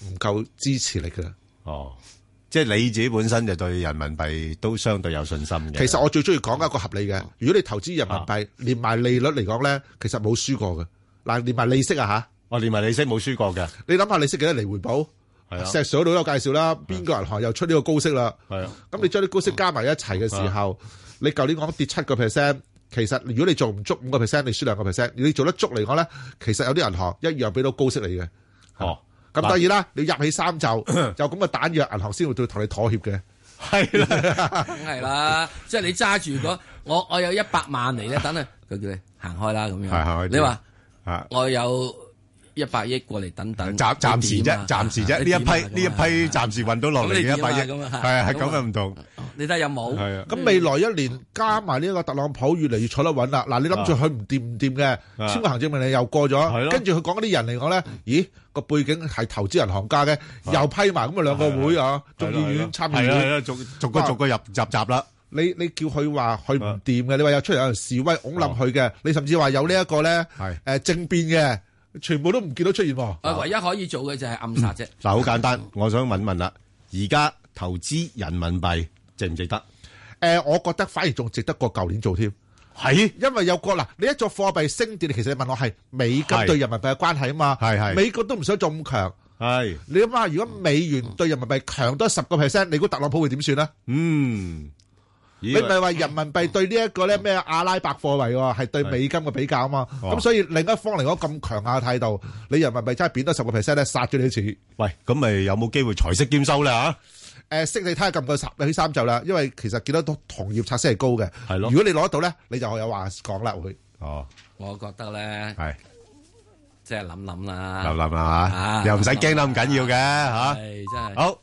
唔夠支持力嘅哦，即係你自己本身就對人民幣都相對有信心嘅。其實我最中意講一個合理嘅，如果你投資人民幣連埋利率嚟講咧，其實冇輸過嘅。嗱，連埋利息啊吓，哦，連埋利息冇輸過嘅。你諗下利息幾多嚟回報？石水都有介紹啦，邊個銀行又出呢個高息啦？係啊。咁你將啲高息加埋一齊嘅時候，你舊年講跌七個 percent，其實如果你做唔足五個 percent，你輸兩個 percent；如果你做得足嚟講咧，其實有啲銀行一樣俾到高息你嘅。哦。咁當然啦，你入起三袖，就咁嘅彈藥，銀行先會對同你妥協嘅。係啦，梗係啦，即係你揸住咗，我，我有一百萬嚟咧，等等佢佢行開啦咁樣。係你話啊，我有一百億過嚟等等，暫暫時啫，暫時啫。呢一批呢一批暫時運到落嚟一百億，係啊係咁嘅唔同。你睇有冇？係啊。咁未來一年加埋呢一個特朗普越嚟越坐得穩啦。嗱，你諗住佢唔掂唔掂嘅？先個行政命令又過咗，跟住佢講嗰啲人嚟講咧，咦？個背景係投資銀行家嘅，又批埋咁啊兩個會啊，眾議院參議院，逐個逐個入閘閘啦。你你叫佢話佢唔掂嘅，你話有出嚟有示威恐冧佢嘅，你甚至話有呢一個咧誒政變嘅，全部都唔見到出現喎。唯一可以做嘅就係暗殺啫。嗱，好簡單，我想問問啦，而家投資人民幣值唔值得？誒，我覺得反而仲值得過舊年做添。係，因為有個嗱，你一做貨幣升跌，其實你問我係美金對人民幣嘅關係啊嘛，係，係，美國都唔想做咁強，係。你諗下，如果美元對人民幣強多十個 percent，你估特朗普會點算啊？嗯，你唔係話人民幣對呢一個咧咩阿拉伯貨幣係對美金嘅比較啊嘛，咁所以另一方嚟講咁強硬嘅態度，你人民幣真係貶多十個 percent 咧，殺咗你啲錢。喂，咁咪有冇機會財色兼收啦？誒，息你睇下咁多十起三袖啦，因為其實見到都同業拆息係高嘅，係咯的。如果你攞到咧，你就有話講啦會。哦，我覺得咧，係即係諗諗啦，諗諗啦吓，又唔使驚得咁緊要嘅吓。係真係好。